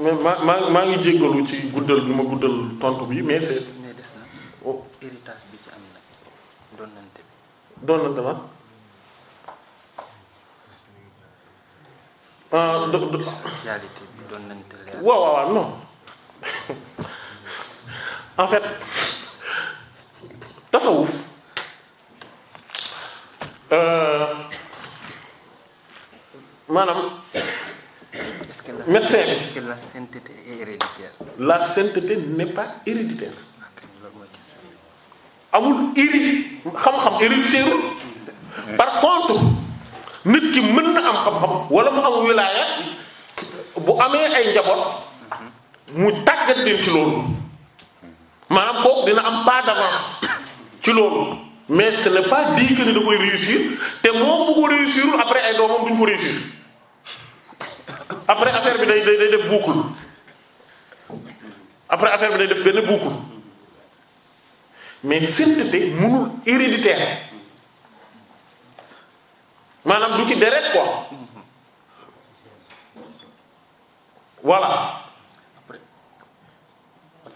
mais maa maa maa ngi jéggalu ci guddal bi ma guddal tontu bi mais c'est oh, héritage bi ci am nag doonante [LAUGHS] en fait tasawuf euh, maanaam. médecin bi est-ce que la sainteté est pas héréditaire. amul hérédité par contre nit ki mën na am xam-xam wala mu am wilaaya bu amee ay njaboot mu tàggat leen ci loolu. maanaam kooku dina am pas d'avance ci loolu mais ce n'est pas dit que da koy réussir te moom bu ko réussirul après ay doomam duñ ko réussir après affaire bi day day def boucle après affaire bi day def benn boucle mais sainteté mënul héréditaire maanaam du ci deret ko voilà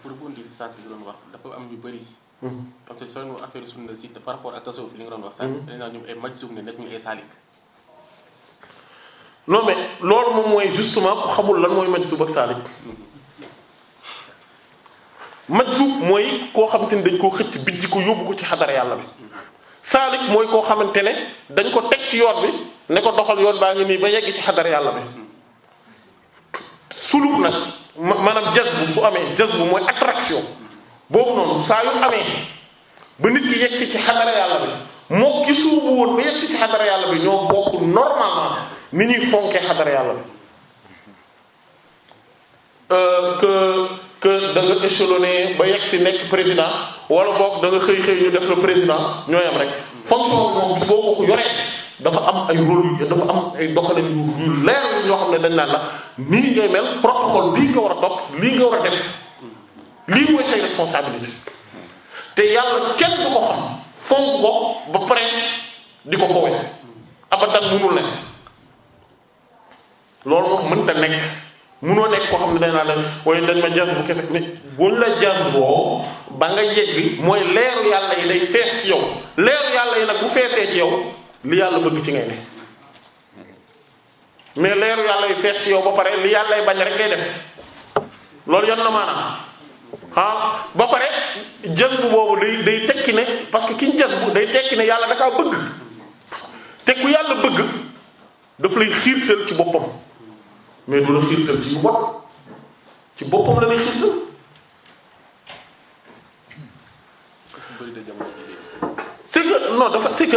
pour bundi si sànq bi doon wax dafa am ñu bëri comme mm-hmm. te sonu affaire sunna si par rapport ak tasawuf li nga doon wax sànq mm-hmm. dañ naan loolu moom mooy justement ku lan mooy majsub ak saalik mm-hmm. majsub mooy koo xamante ne dañ koo xëcc bijji ko yóbbu ci xadara yàlla bi mooy koo xamante ne dañ ko teg ci yoon bi ne ko doxal yoon baa ngi nii ba yegg ci xadara yàlla bi suluk nag maanaam jazbu su amee jazbu mooy attraction boobu noonu saa yu amee ba nit ki yegsi ci xadara yàlla bi mook ki suubu woon ba yegsi ci xadara yàlla bi ñoo bokk normalement ni ñuy fonkee xadara yàlla bi euh, que que da nga ba yegsi nekk président walla boog da xëy xëy ñu def le président ñooy am rek fonction moom boo ko yoree dafa am ay rôle dafa am ay doxalin yu leer ñoo xam ne dañ naan la nii ngay mel protocole lii nga war a topp lii nga war a def lii mooy say responsabilité te yàlla kenn du ko xam fonk ko ba pare di ko fowe abadan munul nekk loolu moom mënta nekk munoo nekk koo xam ne dañ naa la waaye dañ ma jaas bu kese ni buñ la jaas boo ba nga yegg mooy leeru yàlla yi day fees ci yow leeru yàlla yi nag bu feesee ci yow li yàlla bëgg ci ngay ne mais leeru yàlla yu fees yow ba pare li yàllay bañ rek ngay def loolu yoon na maanaam ah pare jës bu boobu day day tekki ne parce que ki ñu jës bu day tekki ne yàlla da kaa bëgg te ku yàlla bëgg daf lay xiirtal ci boppam mais du la xiirtal ci bopp ci dafa c'est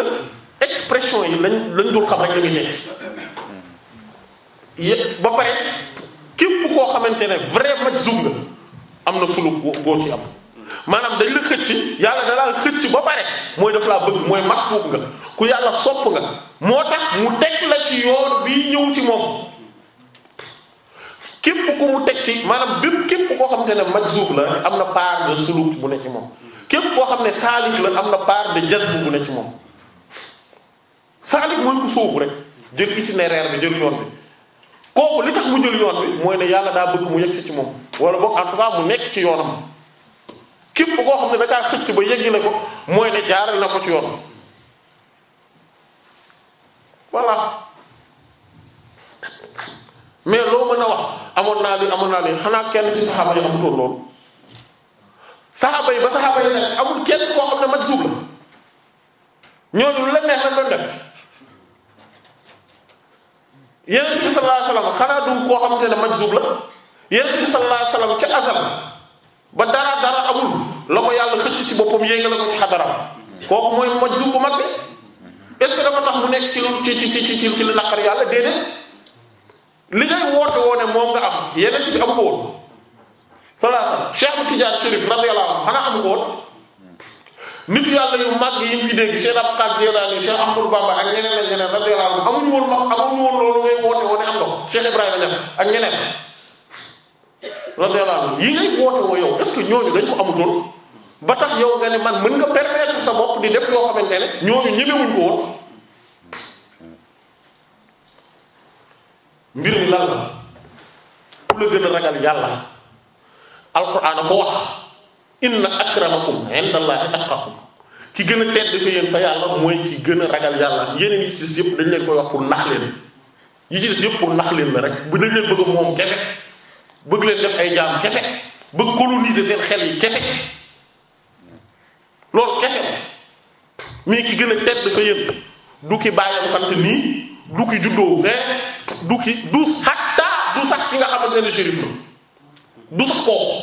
expression yi lañ lañ dul xam rek la ñuy tekki ba pare képp koo xamante ne vrai majzum nga am na sulu boo ci am maanaam dañ la xëcc yàlla da xëcc ba pare mooy daf laa bëgg mooy maxbuub nga ku yàlla sopp nga moo tax mu teg la ci yoon bii ñëw ci moom képp ko mu teg ci maanaam bépp képp koo xamante ne majzub la am na part de suluk bu moom képp koo xam ne saalik la am na part de jazb bu ne ci moom saalik mooy ku sóobu rek jël itinéraire bi jël yoon bi kooku li tax mu jël yoon bi mooy ne yàlla daa bëgg mu yegsi ci moom wala boog en tout nekk ci yoonam képp koo xam ne da kaa ba yegg ko mooy ne na ko ci yoon voilà mais loo amoon naa li amoon naa li xanaa saxaaba yi amutoon loolu saxaaba yi ba saxaaba yi nag amul kenn koo xam ne majzuub la ñooñu lu la neex na doon def yonent bi sallallahu alayhi wasallam xanaa du koo xamante ne majzub la yonent bi sallallahu alayhi wasallam ca asal ba dara dara amul la ko yàlla xëcc ci boppam yéegale ko ci xadaram kooku mooy majzub bu mag bi est ce que dafa tax mu nekk ci lu ci ci ci ci ci lu naqar yàlla déedéet li ngay woote woo ne moom nga am yonent bi amu ko woon salaasa Cheikh Tidiane Chérif radiyallahu anhu xanaa amu ko nit yàlla yu mag yi ñu fi dégg Cheikh Abdou Khadre Jeylani Cheikh Ahmadou Bamba ak ñeneen ak ñeneen radiyallahu amuñu woon ma amuñu woon loolu ngay woote woon am na ko Cheikh Ibrahima Niass ak ñeneen radiyallahu anhum yi ngay woote woo yow est ñooñu dañ ko amutoon ba tax man mën di def yoo xamante ne ñooñu ñemewuñ woon mbir mi lan la ku la gën a ragal yàlla alquran a ko wax indi inna akramakum indallahi atqakum ki gën a tedd fi yéen fa yàlla mooy ki gën a ragal yàlla yeneen yi ci des yëpp dañ leen koy wax pour nax leen yi ci des yëpp pour rek bu dañ leen bëgg moom kese bëgg leen def ay jaam kese bëgg coloniser seen xel yi kese loolu kese mais ki gën a tedd fa yéen du ki bàyyam sant nii du ki juddoo du ki du xattaa du sax kooku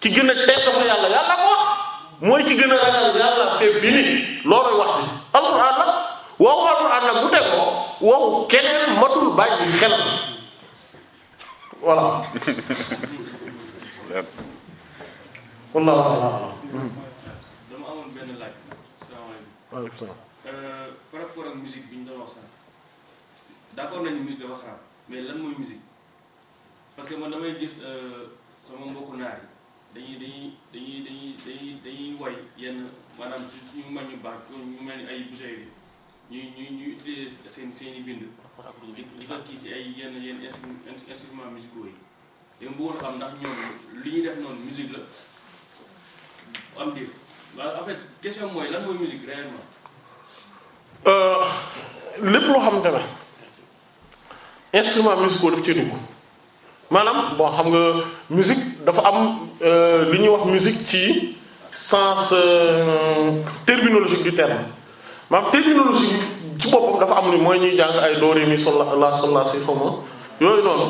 ki gën a tedd fa yàlla yàlla ko mooy ki gën a ragal yàlla c'est fini loolooy wax bi alxuraan la waaw alxuraan nag bu teg ko waaw keneen matul bàyyi xel [LAUGHS] euh, ak musique bi ñu doon wax sax d'accord nañu musique dafa xaraam mais lan mooy musique parce que man damay gis euh, sama mbokku naar yi dañuy dañuy dañuy dañuy dañuy dañuy woy yenn maanaam si suñu mag ñu baax ñu mel ni ay Busayri ñuy ñuy ñuy utiliser seen seen i bind di ko kii ci ay yenn yenn instruments musicaux yi dama li ñuy def noonu musique la am dir waaw mooy lan mooy euh, xam ne instrument musicaux daf ci maanaam bon xam nga musique dafa am euh, li ñuy wax musique ci sens euh, terminologique du terme maanaam terminologie ci boppam dafa am ni mooy ñuy jàng ay doore mi sola la sola si xawma yooyu noonu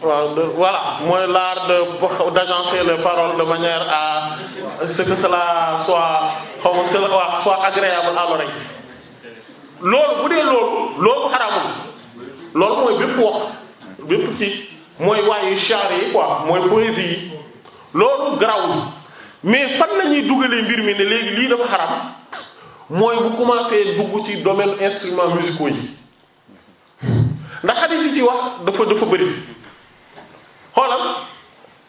waaw voilà mooy l'art de d'agencer les paroles de manière à ce que cela soit xawma waaw soit agréable loolu bu dee loolu loolu xaraamul loolu mooy bépp wax bépp ci mooy waayu chaare yi quoi mooy poésie yi loolu garawul mais fan la ñuy dugalee mbir mi ne léegi lii dafa xaraam mooy bu commencé dugg ci domaine instruments musicaux yi ndax hadith yi ci wax dafa dafa bëri xoolal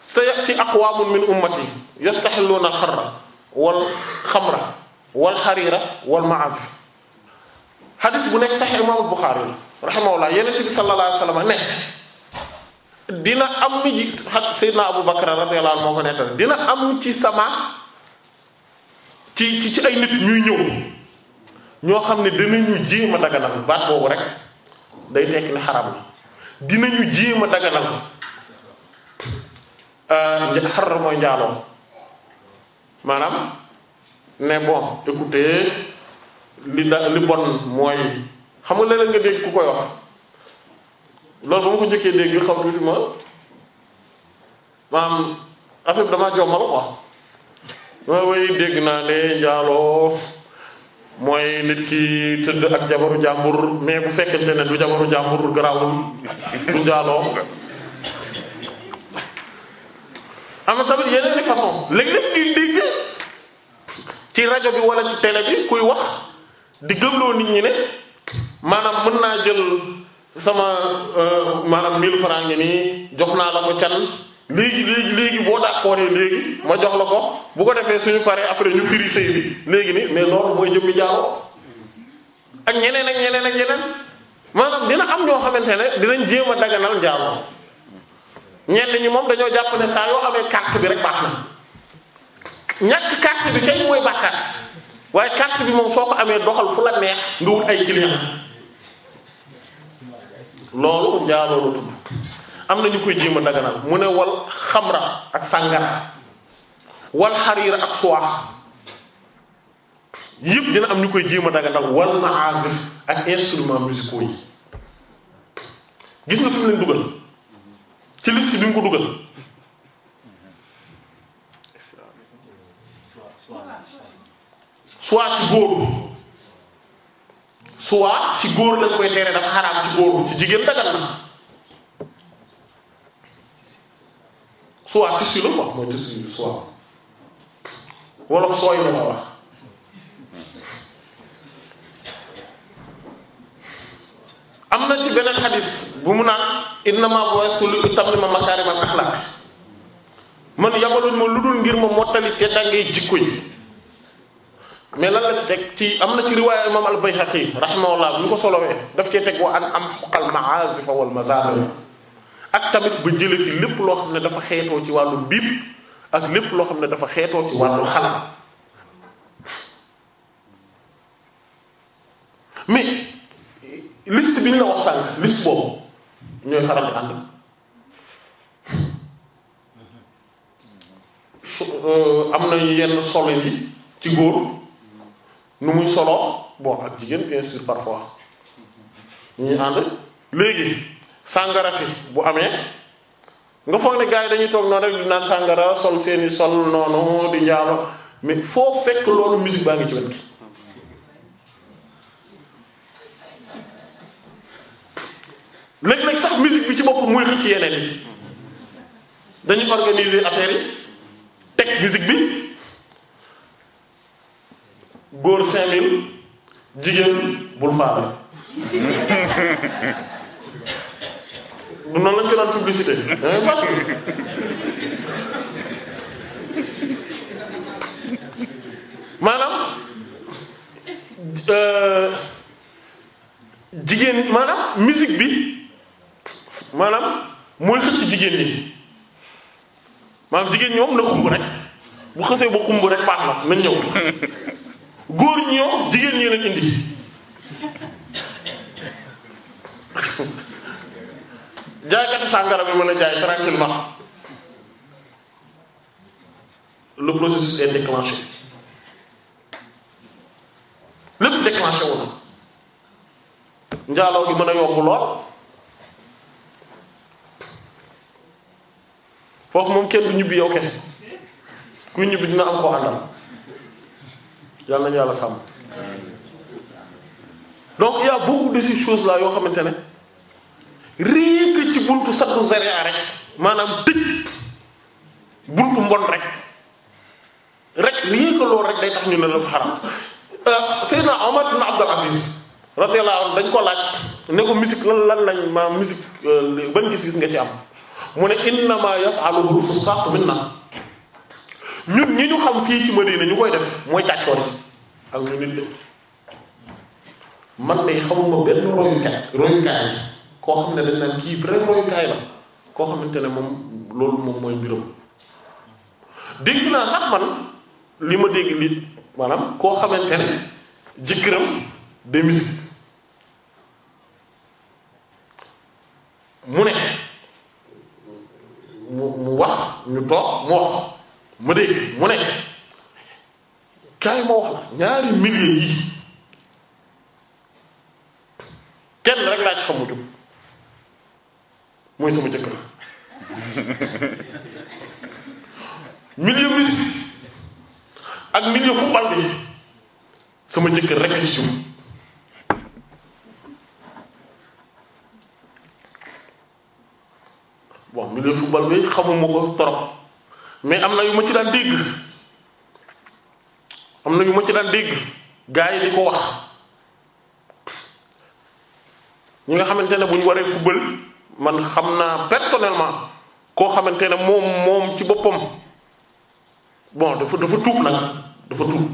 sa yati aqwamun min ummati yastaxilluuna alxarra wal xamra wal xariira wal maazif hadith bu nekk sax imam Buxaari la rahimahullah yeneen bi sallallahu alayhi wa sallam ne dina am ci Seydina Abu Bakr radiyallahu anhu moo ko nettal dina am ci sama ci ci ay nit ñuy ñëw ñoo xam ne dinañu jéem a daganal baat boobu rek day tekki ne xaram la dinañu jéem a daganal euh, xar mooy njaaloo maanaam ne bon écoutez li da li bon mooy xam nga léeg-léeg nga dégg ku koy wax. loolu ba ma njëkkee dégg xaw tuuti ma maanaam affaire bi damaa jommal quoi ma way dégg naa ne njaaloo mooy nit ki tëdd ak jabaru jàmbur mais bu fekkente ne du jabaru jàmbur garaawul du njaaloo am tamit yeneen ni façon léeg-léeg ñuy dégg ci rajo bi wala ci bi kuy wax di loo nit ñi ne maanaam mën naa jël sama euh, maanaam 1000 francs ngi nii jox naa la ko can léegi léegi léegi boo d'accord léegi ma jox la ko bu ko defee suñu paree après ñu firi bi léegi ni mais loolu mooy jëmmi ñeneen ak ñeneen ak ñeneen maanaam dina am ñoo xamante ne dinañ jéem a daganal jaaroo ñenn ñi moom dañoo jàpp ne saa yoo amee carte bi rek baax na ñàkk carte bi kay mooy bàkkaar waaye carte bi moom soo ko amee doxal fu la neex nga wut ay client loolu njaaloo la tudd am na ñu koy jéem a daganal mu ne wal xamra ak sàngara wal xariira ak suwaax yëpp dina am ñu koy jéem a daganal wal maazif ak instruments musicaux yi gis nga fi leen dugal ci liste bi mu ko dugal soit ci góor soit ci góor lañ koy tere dafa xaraam ci góor ci jigéen dagal na soit tissu la wax mooy tissu bi soit wolof sooy la wax am na ci beneen xadis bu mu naan innama bu'ithtu li utammima makaarimal axlaaq man yabaluñ ma lu dul ngir ma mottali te dangay jikko ji mais lan la ci teg ci am na ci riwaaya imam al-Bayhaqi rahimahullah ñu ko solowee daf cee teg wa an am xoqal maasifa wal mazamir ak tamit ba jële fi lépp loo xam ne dafa xeetoo ci wàllu biib ak lépp loo xam ne dafa xeetoo ci wàllu xalaat mais liste bi ñu la wax sànq boobu ñooy xaral di ànd euh, am na yenn solo yi ci góor nu muy solo bon ak jigéen bien sûr parfois ñu ànd léegi sàngara si bu amee nga foog ne gars yi dañuy toog noonu rek di naan sàngara sol seeni sol noonu di njaalo mais foo fekk loolu musique baa ngi ci wet gi sax musique bi ci bopp muy xëcc yeneen yi dañu organiser affaire yi teg musique bi góor cinq mille jigéen bul faale noonu lañ ko publicité dangay fàtte maanaam euh, jigéen maanaam musique bi maanaam mooy xëcc jigéen yi maanaam jigéen ñi moom na xumb rek bu xësee ba xumb rek baax na nañ ñëw góor ñi ñoom jigéen ñi leen indi jaaykati sàngara bi mën a jaay tranquillement le processus est déclenché lépp déclenché woon njaaloo gi mën a yomb lool foofu moom kenn du ñibbi yow kese kuy ñibbi dina am ko àndal yàlla nañu yàlla sàmm donc il y a beaucoup de ces yoo xamante ne rien que ci buntu saddu zaria rek maanaam tëj buntu mbon rek rek rien que loolu rek day tax ñu ne la xaram euh, Seydina Omar ibn Abdul Aziz radiyallahu anhu dañ ko laaj ne ko musique lan lan lañ maa musique euh, bañ gis nga ci am mu ne innamaa yaf'aluhu al-fusaaq minna ñun ñi ñu xam fii ci Madina ñu koy def mooy tàccoor yi ak ñu nit de man day xamuma benn royukaay royukaay yi koo xam ne dañ naan kii vrai royukaay la koo xamante ne moom loolu moom mooy mbiram dégg naa sax man li ma dégg nit maanaam koo xamante ne jëkkëram de musique mu ne mu mu wax ñu toog mu wax ma dégg mu ne kaay ma wax la ñaari milliers yi kenn rek laa ci xam mu jëkkër millier musique ak millier football bi sama jëkkër rek ci jub bon millier football bi xamuma ko torop mais am na yu ma ci daan dégg am na yu ma ci daan dégg gaa yi di ko wax ñi nga xamante ne bu ñu waree football man xam naa personnellement koo xamante ne moom moom ci boppam bon dafa dafa tuub nag dafa tuub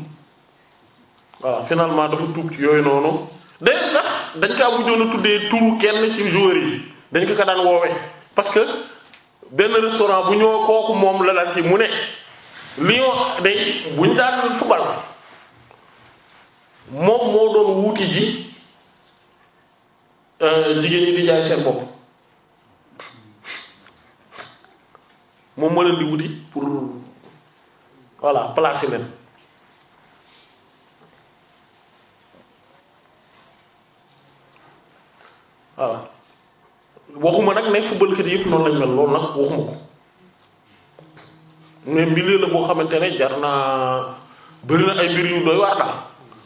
waaw finalement dafa tuub ci yooyu noonu day sax dañ kaa mujjoon a tuddee turu kenn ci joueurs yi dañ ko ka daan woowee parce benn restaurant bu ñëw kooku moom la la mu ne Lyon day bu ñu daan football moom moo doon wuuti euh, jigéen ñi di jaay seen bopp moom moo leen di wuti pour voilà placer leen waxuma nag ne footballkat yëpp noonu lañ mel loolu nag waxuma ko mais milieu la boo xamante ne jar naa bëri na ay mbir yu doy daal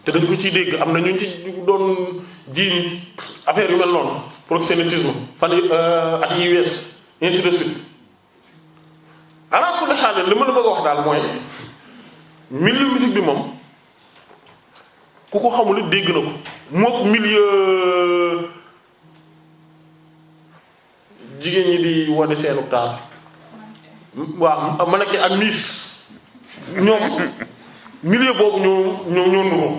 te def ko ci dégg am na ñu ci doon jiiñ affaire yu mel noonu proxénétisme fan euh, at yi wees ainsi de suite ala kulli xaal li wax daal mooy milieu musique bi moom ku ko xamul dégg na ko mook milieu jigéen ñi di wane seenu taar waaw ma nekk ak miis ñoom milieu boobu ñoo ñoo ñoo nuroo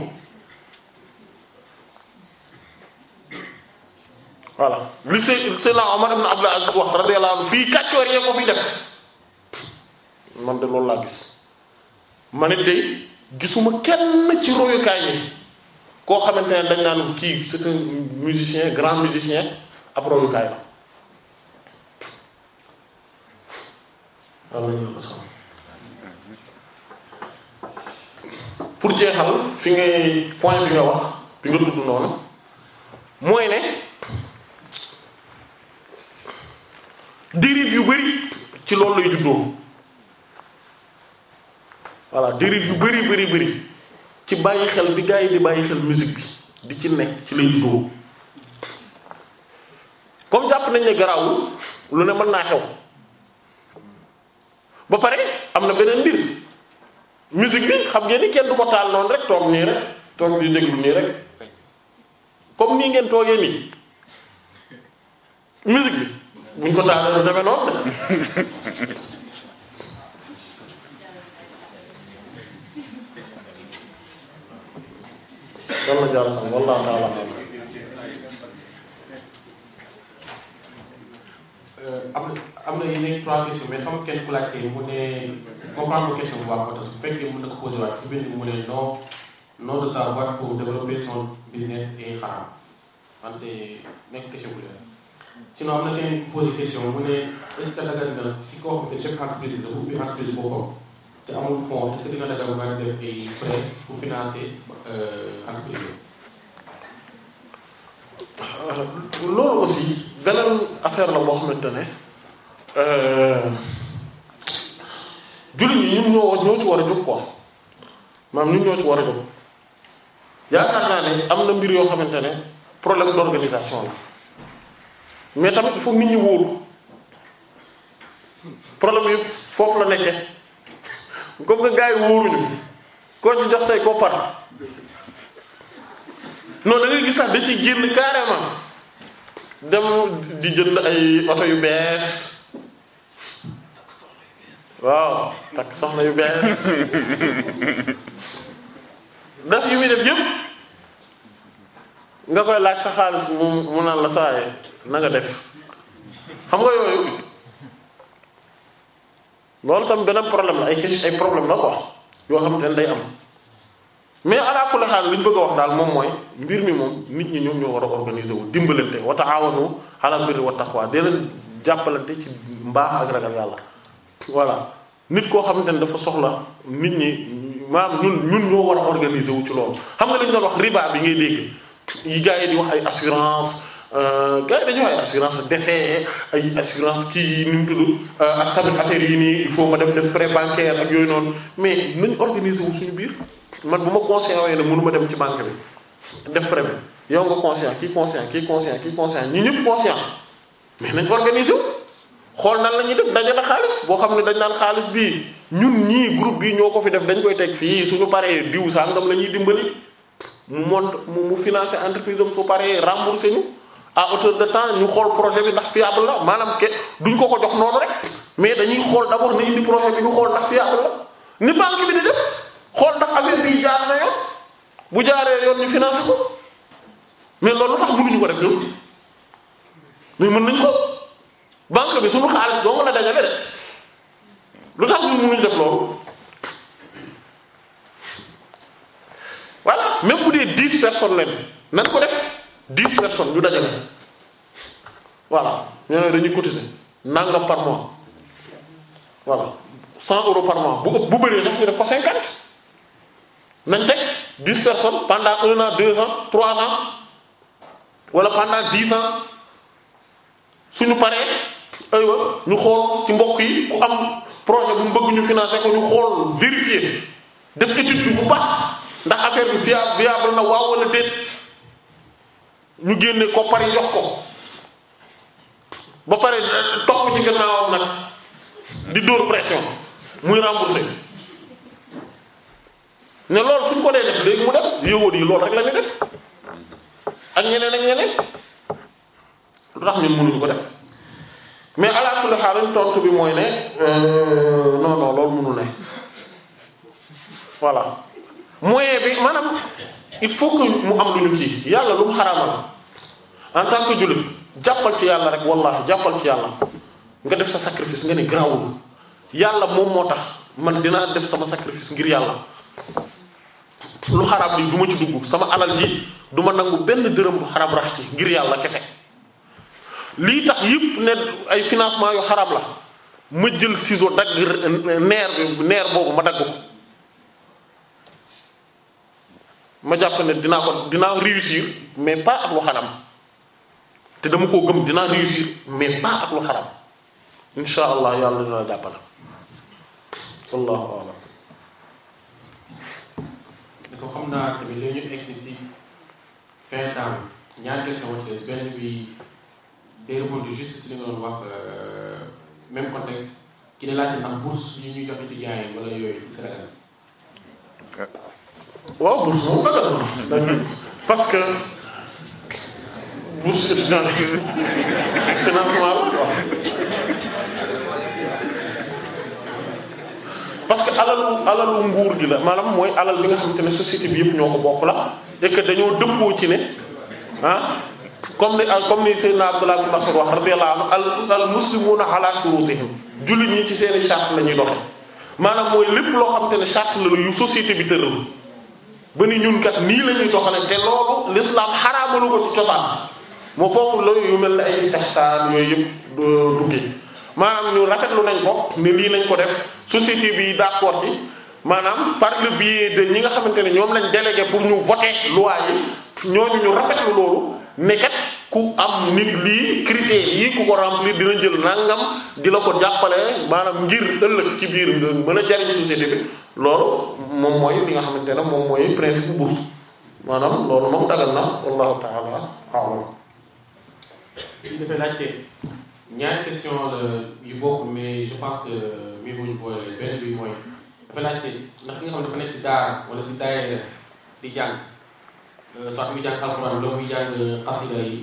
voilà li se Seydina Omar ibn Abdul Aziz wax radiyallahu anhu fii kàccoor yee ko fi def man de loolu laa gis ma ne de gisuma kenn ci royukaay yi koo xamante ne dañ naan ci c'est un musicien grand musicien ab royukaay la yàlla nañu ko sàmm pour jeexal fi ngay point bi nga wax bi nga tudd noonu mooy ne dérive yu bari ci loolu lay juddoo voilà dérive yu bari bari bari ci bàyyi xel bi gars yi di bàyyi xel musique bi di ci nekk ci lay juddoo comme jàpp nañ ne garawul lu ne mën naa xew ba pare am na beneen mbir musique bi xam ngeen ni kenn du ko taal noonu rek toog nii rek toog di déglu nii rek comme nii ngeen toogee nii musique bi buñ ko taalee du demee noonu de. [LAUGHS] yàlla jàll sax wallahu taala am am na yeneen trois questions mais xam kenn mu ne comprendre question bu baax su fekkee mën na ko posé waat ci bind mu ne non non de sa pour développer business et xaraam wante nekk question bu leer sinon am na keneen posé question mu ne est-ce que na si koo xam ne chef entreprise dafa ubbi entreprise boppam te amul fonds est-ce que dina dagal nga def ay prêt pour financer euh, entreprise Euh, loolu aussi beneen affaire la boo xamante ne euh, jullit ñi ñun ñoo ñoo ci war a jóg quoi maanaam ñun ñoo ci war a jóg yaakaar naa ne am na mbir yoo xamante ne problème d'organisation la mais tamit il nit ñi wóolu problème yi foofu la nekkee comme que gars yi wóoruñu koo ci jox say koppar. non da ngay gis sax da ciy génn carrément dem di jënd ay oto yu bees waaw takk soxna yu bees daf yu muy def yëpp nga koy laaj sa xaalis mu mu naan la saaye nanga def xam nga yooyu loolu tam beneen problème la ay question ay problème la quoi yoo xam ne day am mais ala kulli xaal li ñu bëgg a wax daal moom mooy mbir mi moom nit ñi ñoom ñoo war a organiser wu dimbalante wa ta'awanu ala birri wa taqwa dee leen jàppalante ci mbaax ak ragal yàlla voilà nit koo xamante ne dafa soxla nit ñi maam ñun ñun ñoo war a organiser wu ci loolu xam nga li ñu doon wax riba bi ngay dégg yi gars yi di wax ay assurance euh, gars yi dañuy wax ay assurance décès ay assurance kii ni mu tudd euh, ak tamit affaire yi nii il faut ma dem def prêt ak yooyu noonu mais nañ organiser wu suñu biir man bu ma conscient wee ne mënu dem ci banque bi def prêt bi yow nga conscient kii conscient kii conscient kii conscient ñu ñëpp conscient mais nañ organiser xool nan la ñuy def dajale xaalis boo xam ne dañ naan xaalis bi ñun ñii groupe bi ñoo ko fi def dañ koy teg fii suñu paree diw sangam la ñuy dimbali mu mont mu financer entreprise am su paree rembourser ñu à hauteur de temps ñu xool projet bi ndax fiable la maanaam ke duñ ko ko jox noonu rek mais dañuy xool d'abord na indi projet bi ñu xool ndax fiable la ni banque bi di def xool ndax affaire bi jaar na yoon bu jaaree yoon ñu financé mais loolu tax mënuñu ko def mais mën nañ ko banque bi suñu xaalis doo lu tax ñu mënuñu def loolu voilà même bu dee dix personnes leen nan ko def dix personnes ñu dajale voilà ñoo ne dañuy cotiser nangam par mois voilà cent euros par mois bu ëpp bu bëree sax ñu def ko cinquante nañ teg dix personnes pendant un an deux ans trois ans wala pendant dix ans suñu paree aywa ñu xool ci mbokk yi ku am projet bu mu bëgg ñu financer ko ñu xool vérifier def étude bi bu baax ndax affaire bi viable na waaw wala déet ñu génne ko pare jox ko ba pare eh, topp ci gannaawam nag di dóor pression muy rembourser. ne loolu suñ ko dee def léegi mu dem yowóot yi loolu rek la def ak ñeneen ak ñeneen lu tax ñun mënuñu ko def mais ala kulli xaal tontu bi mooy ne euh, non non loolu mënul ne voilà moyen bi il faut mu am ci yàlla lu en tant que jàppal ci yàlla rek wallahi jàppal ci yàlla nga def sa sacrifice nga ne grawul yàlla moom moo tax man dinaa def sama sacrifice ngir yàlla lu xaraam li du ma ci dugg sama alal ji duma ma nangu benn dërëm bu xaraam rax ci ngir yàlla kese lii tax yëpp ne ay financement yu xarab la ma jël ciseau dagg neer bi neer boobu ma dagg ma jàpp ne dinaa ko dinaa réussir mais pas ak lu xaraam te dama koo gëm dinaa réussir mais pas ak insha allah yàlla dina la jàppale wallahu te ko xam naa tamit léegi ñu egsi ci fin temps bi ñaari question moo ci des benn bi day rebondir juste si li nga doon wax euh, même contexte ki ne laajte ndax bourse yi ñuy joxe ci gars yi wala yooyu ci Sénégal waaw bourse moom dagal parce que bourse financement parce que alalu alalu nguur gi la maanaam mooy alal bi nga xamante ne société bi yëpp ñoo ko bokk la et que dañoo dëppoo ci ne ah comme ni comme ni Seydina Abdullah bin Mas'ud wax radiyallahu a al muslimuna ala shurutihim jullit ñi ci seeni charte la ñuy dox maanaam mooy lépp loo xam xamante ne charte la yu société bi tëral ba ni ñun kat nii la doxale te loolu l'islam xaraamalu ko ci cosaan moo foofu loolu yu mel ni ay istihsaan yooyu yëpp duggee maanaam ñu rafetlu nañ ko ne lii nañ ko def société bi d'accord bi maanaam par le biais de ñi nga xamante ne ñoom lañ délégué pour ñu voter lu yi ñoo ñu rafetlu loolu nekkat ku am nit lii critères yi ku ko remplir dina jël nangam di la ko jàppale maanaam ngir ëllëg ci biir nga mën a jariñ société bi loolu moom mooy li nga xamante ne moom mooy principe bourse maanaam loolu moom dagal na wallahu taala a'lam dafay laajte ñaari question la yu bokkul mais je pense que mi ngi ko boole bi mooy dafa laajte ndax ki nga xam dafa nekk si daara wala si daayira di jàng euh, soit muy jàng jàng euh, xasida yi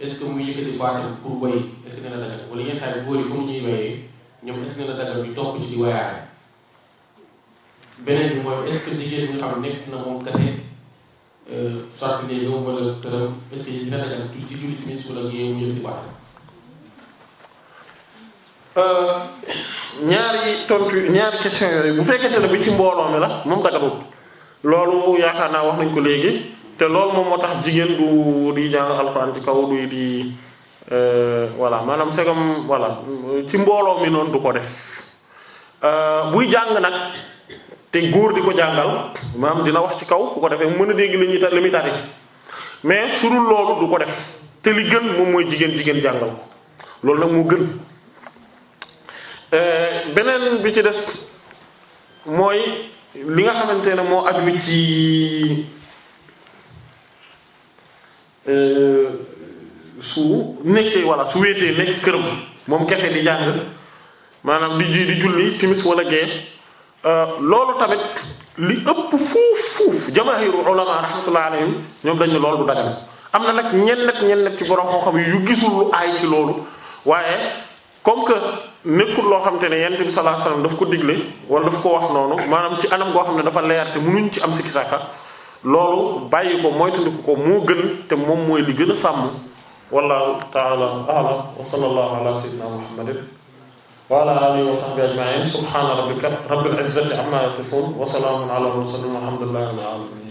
est ce ñuy wayee ñoom est ce que dina topp ci di wayaare beneen bi mooy est ce que jigéen xam nekk na moom kese euh, soit si néegam wala këram est ce que dina dagal ci julli timis wala yow mu yëkkati baatam. Euh, ñaari tontu ñaari question yooyu bu fekkente ne bi ci mbooloo mi la moom daganul loolu yaakaar naa wax nañ ko léegi te loolu moom moo tax jigéen du di jàng alxuraan ci kaw du di euh, voilà maanaam segam voilà ci mbooloo mi noonu du ko def euh, buy jàng nag te góor di ko jàngal maam dina wax ci kaw bu ko defee mën a dégg li ñuy li muy tari mais surul loolu du ko def te li gën moom mooy jigéen jigéen jàngal loolu nag moo gën Euh, beneen bi ci des mooy li nga xamante ne moo aju ci euh, su nekkee walla su wéetee nekk këram moom kese di jàng maanaam di ji di julli timis walla gee euh, loolu tamit li ëpp fuuf fuuf jamaahiru ulama rahmatullah alayhim ñoom dañ ne loolu du dagan am na nag ñenn ñenn ci borom xam-xam yu gisul lu aay ci loolu waaye comme que. nekkul loo xam te ne yonent bi sallallahu daf ko digle wala daf ko wax noonu maanaam ci anam goo xam ne dafa leer te munuñ ci am sikki sàkka loolu bàyyi ko moytandiku ko moo gën te moom mooy li gën a sàmm wallahu ta'ala a'lam wa sallallahu ala sayyidina muhammadin wa ala alihi wa sahbihi ajma'in subhana rabbika rabbil izzati amma yasifun wa salamun ala mursalin walhamdulillahi rabbil alamin